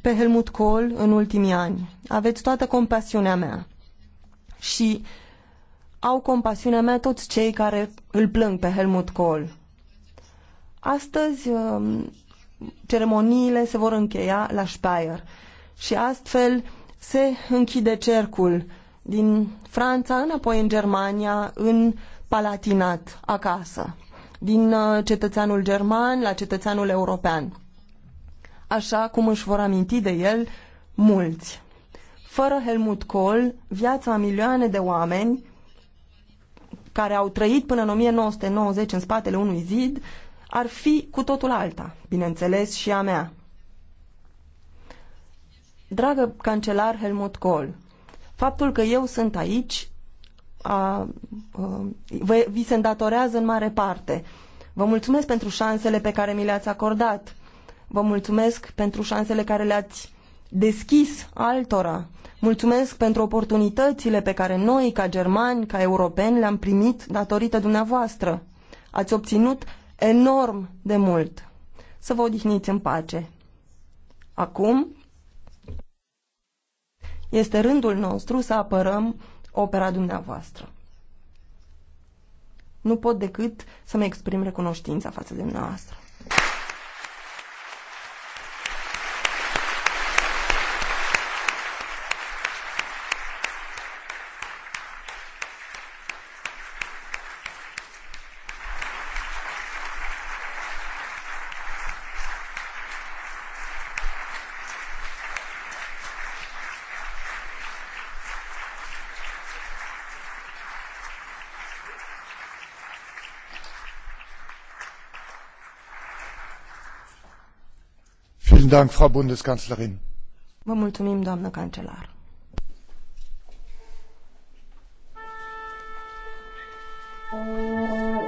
pe Helmut Kohl în ultimii ani. Aveți toată compasiunea mea și au compasiunea mea toți cei care îl plâng pe Helmut Kohl. Astăzi um, ceremoniile se vor încheia la Speyer și astfel se închide cercul din Franța înapoi în Germania, în Palatinat, acasă, din uh, cetățeanul german la cetățeanul european, așa cum își vor aminti de el mulți. Fără Helmut Kohl, viața a milioane de oameni care au trăit până în 1990 în spatele unui zid ar fi cu totul alta, bineînțeles și a mea. Dragă cancelar Helmut Kohl, faptul că eu sunt aici a, a, vă, vi se îndatorează în mare parte. Vă mulțumesc pentru șansele pe care mi le-ați acordat. Vă mulțumesc pentru șansele care le-ați deschis altora. Mulțumesc pentru oportunitățile pe care noi, ca germani, ca europeni, le-am primit datorită dumneavoastră. Ați obținut enorm de mult. Să vă odihniți în pace. Acum este rândul nostru să apărăm opera dumneavoastră. Nu pot decât să-mi exprim recunoștința față de dumneavoastră. Dank, Frau Bundeskanzlerin. Vă mulțumim, doamnă cancelar. Oh.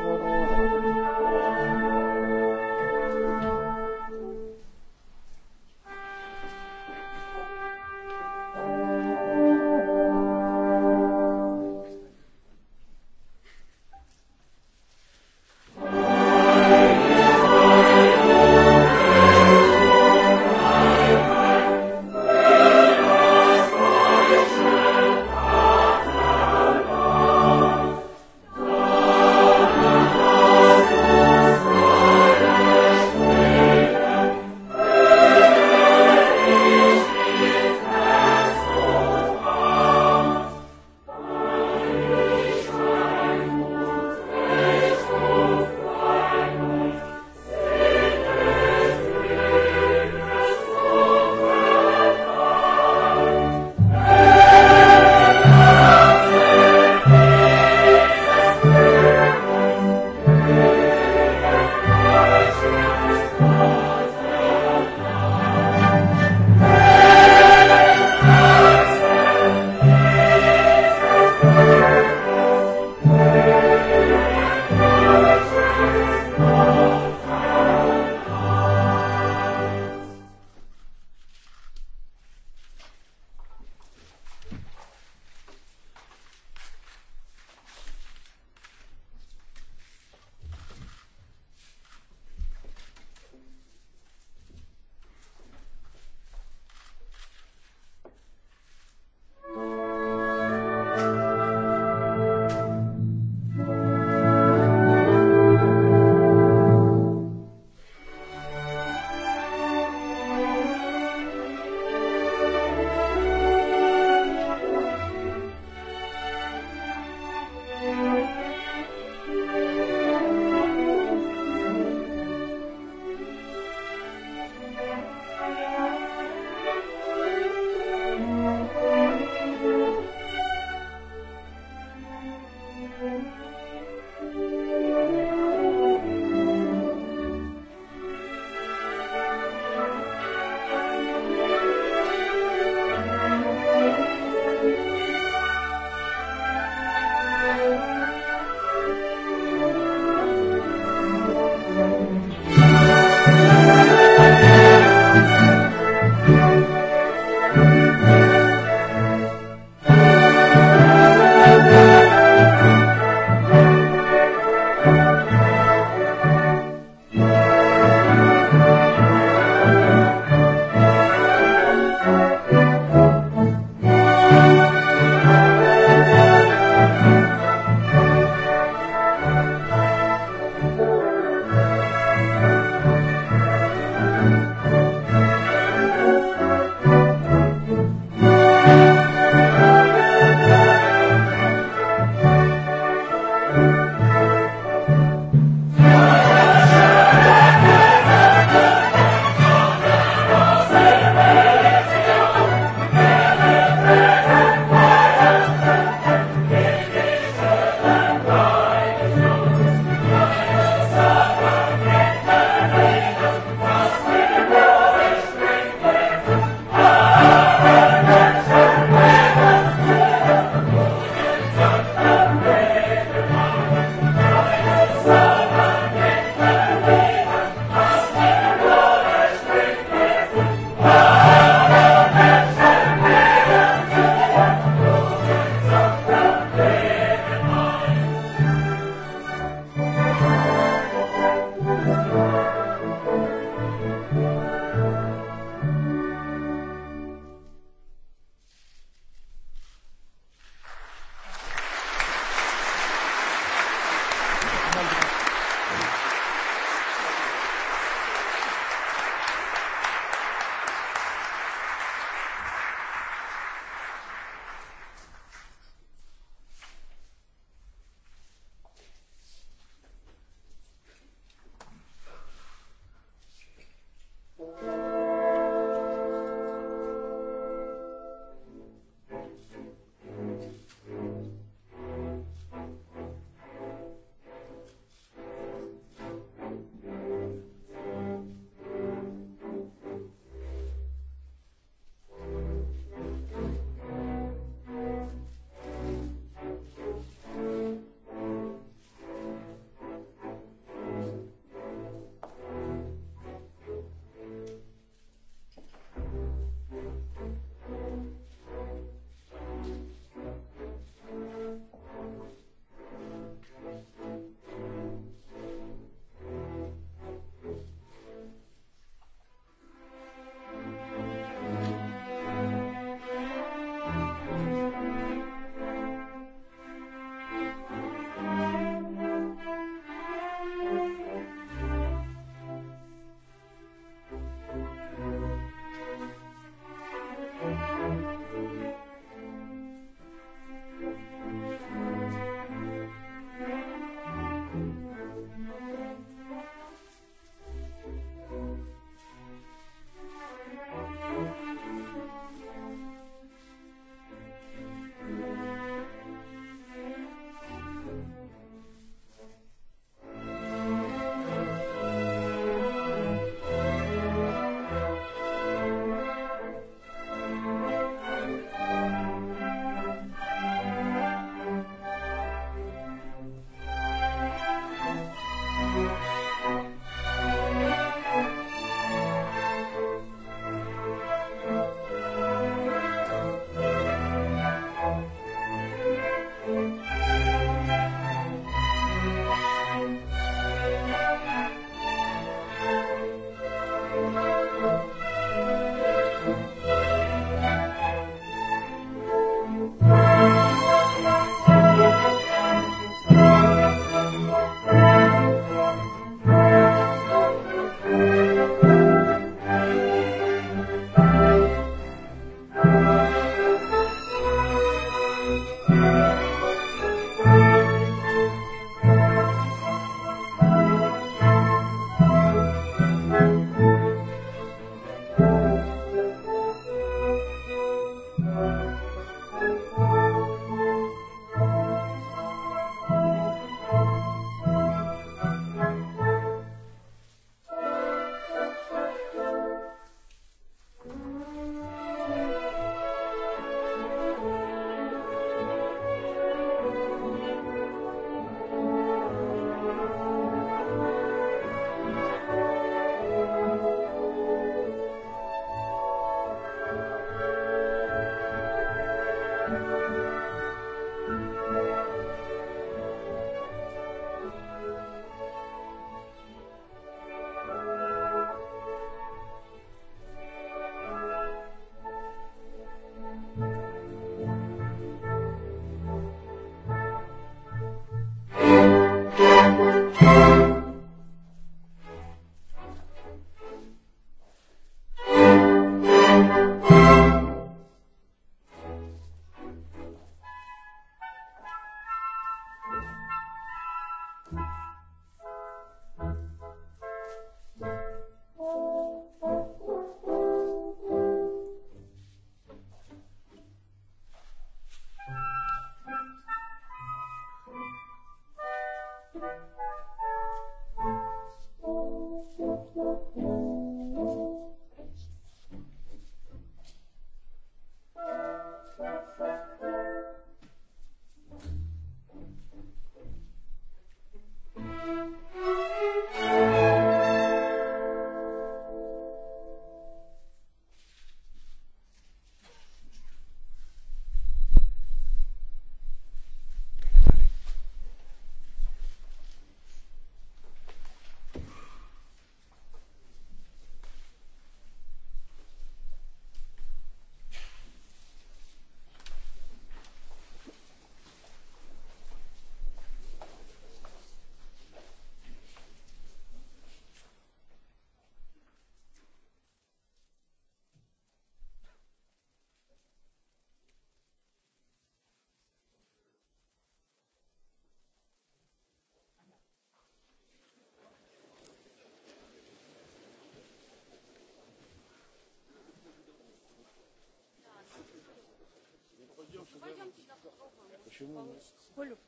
Почему? Получится.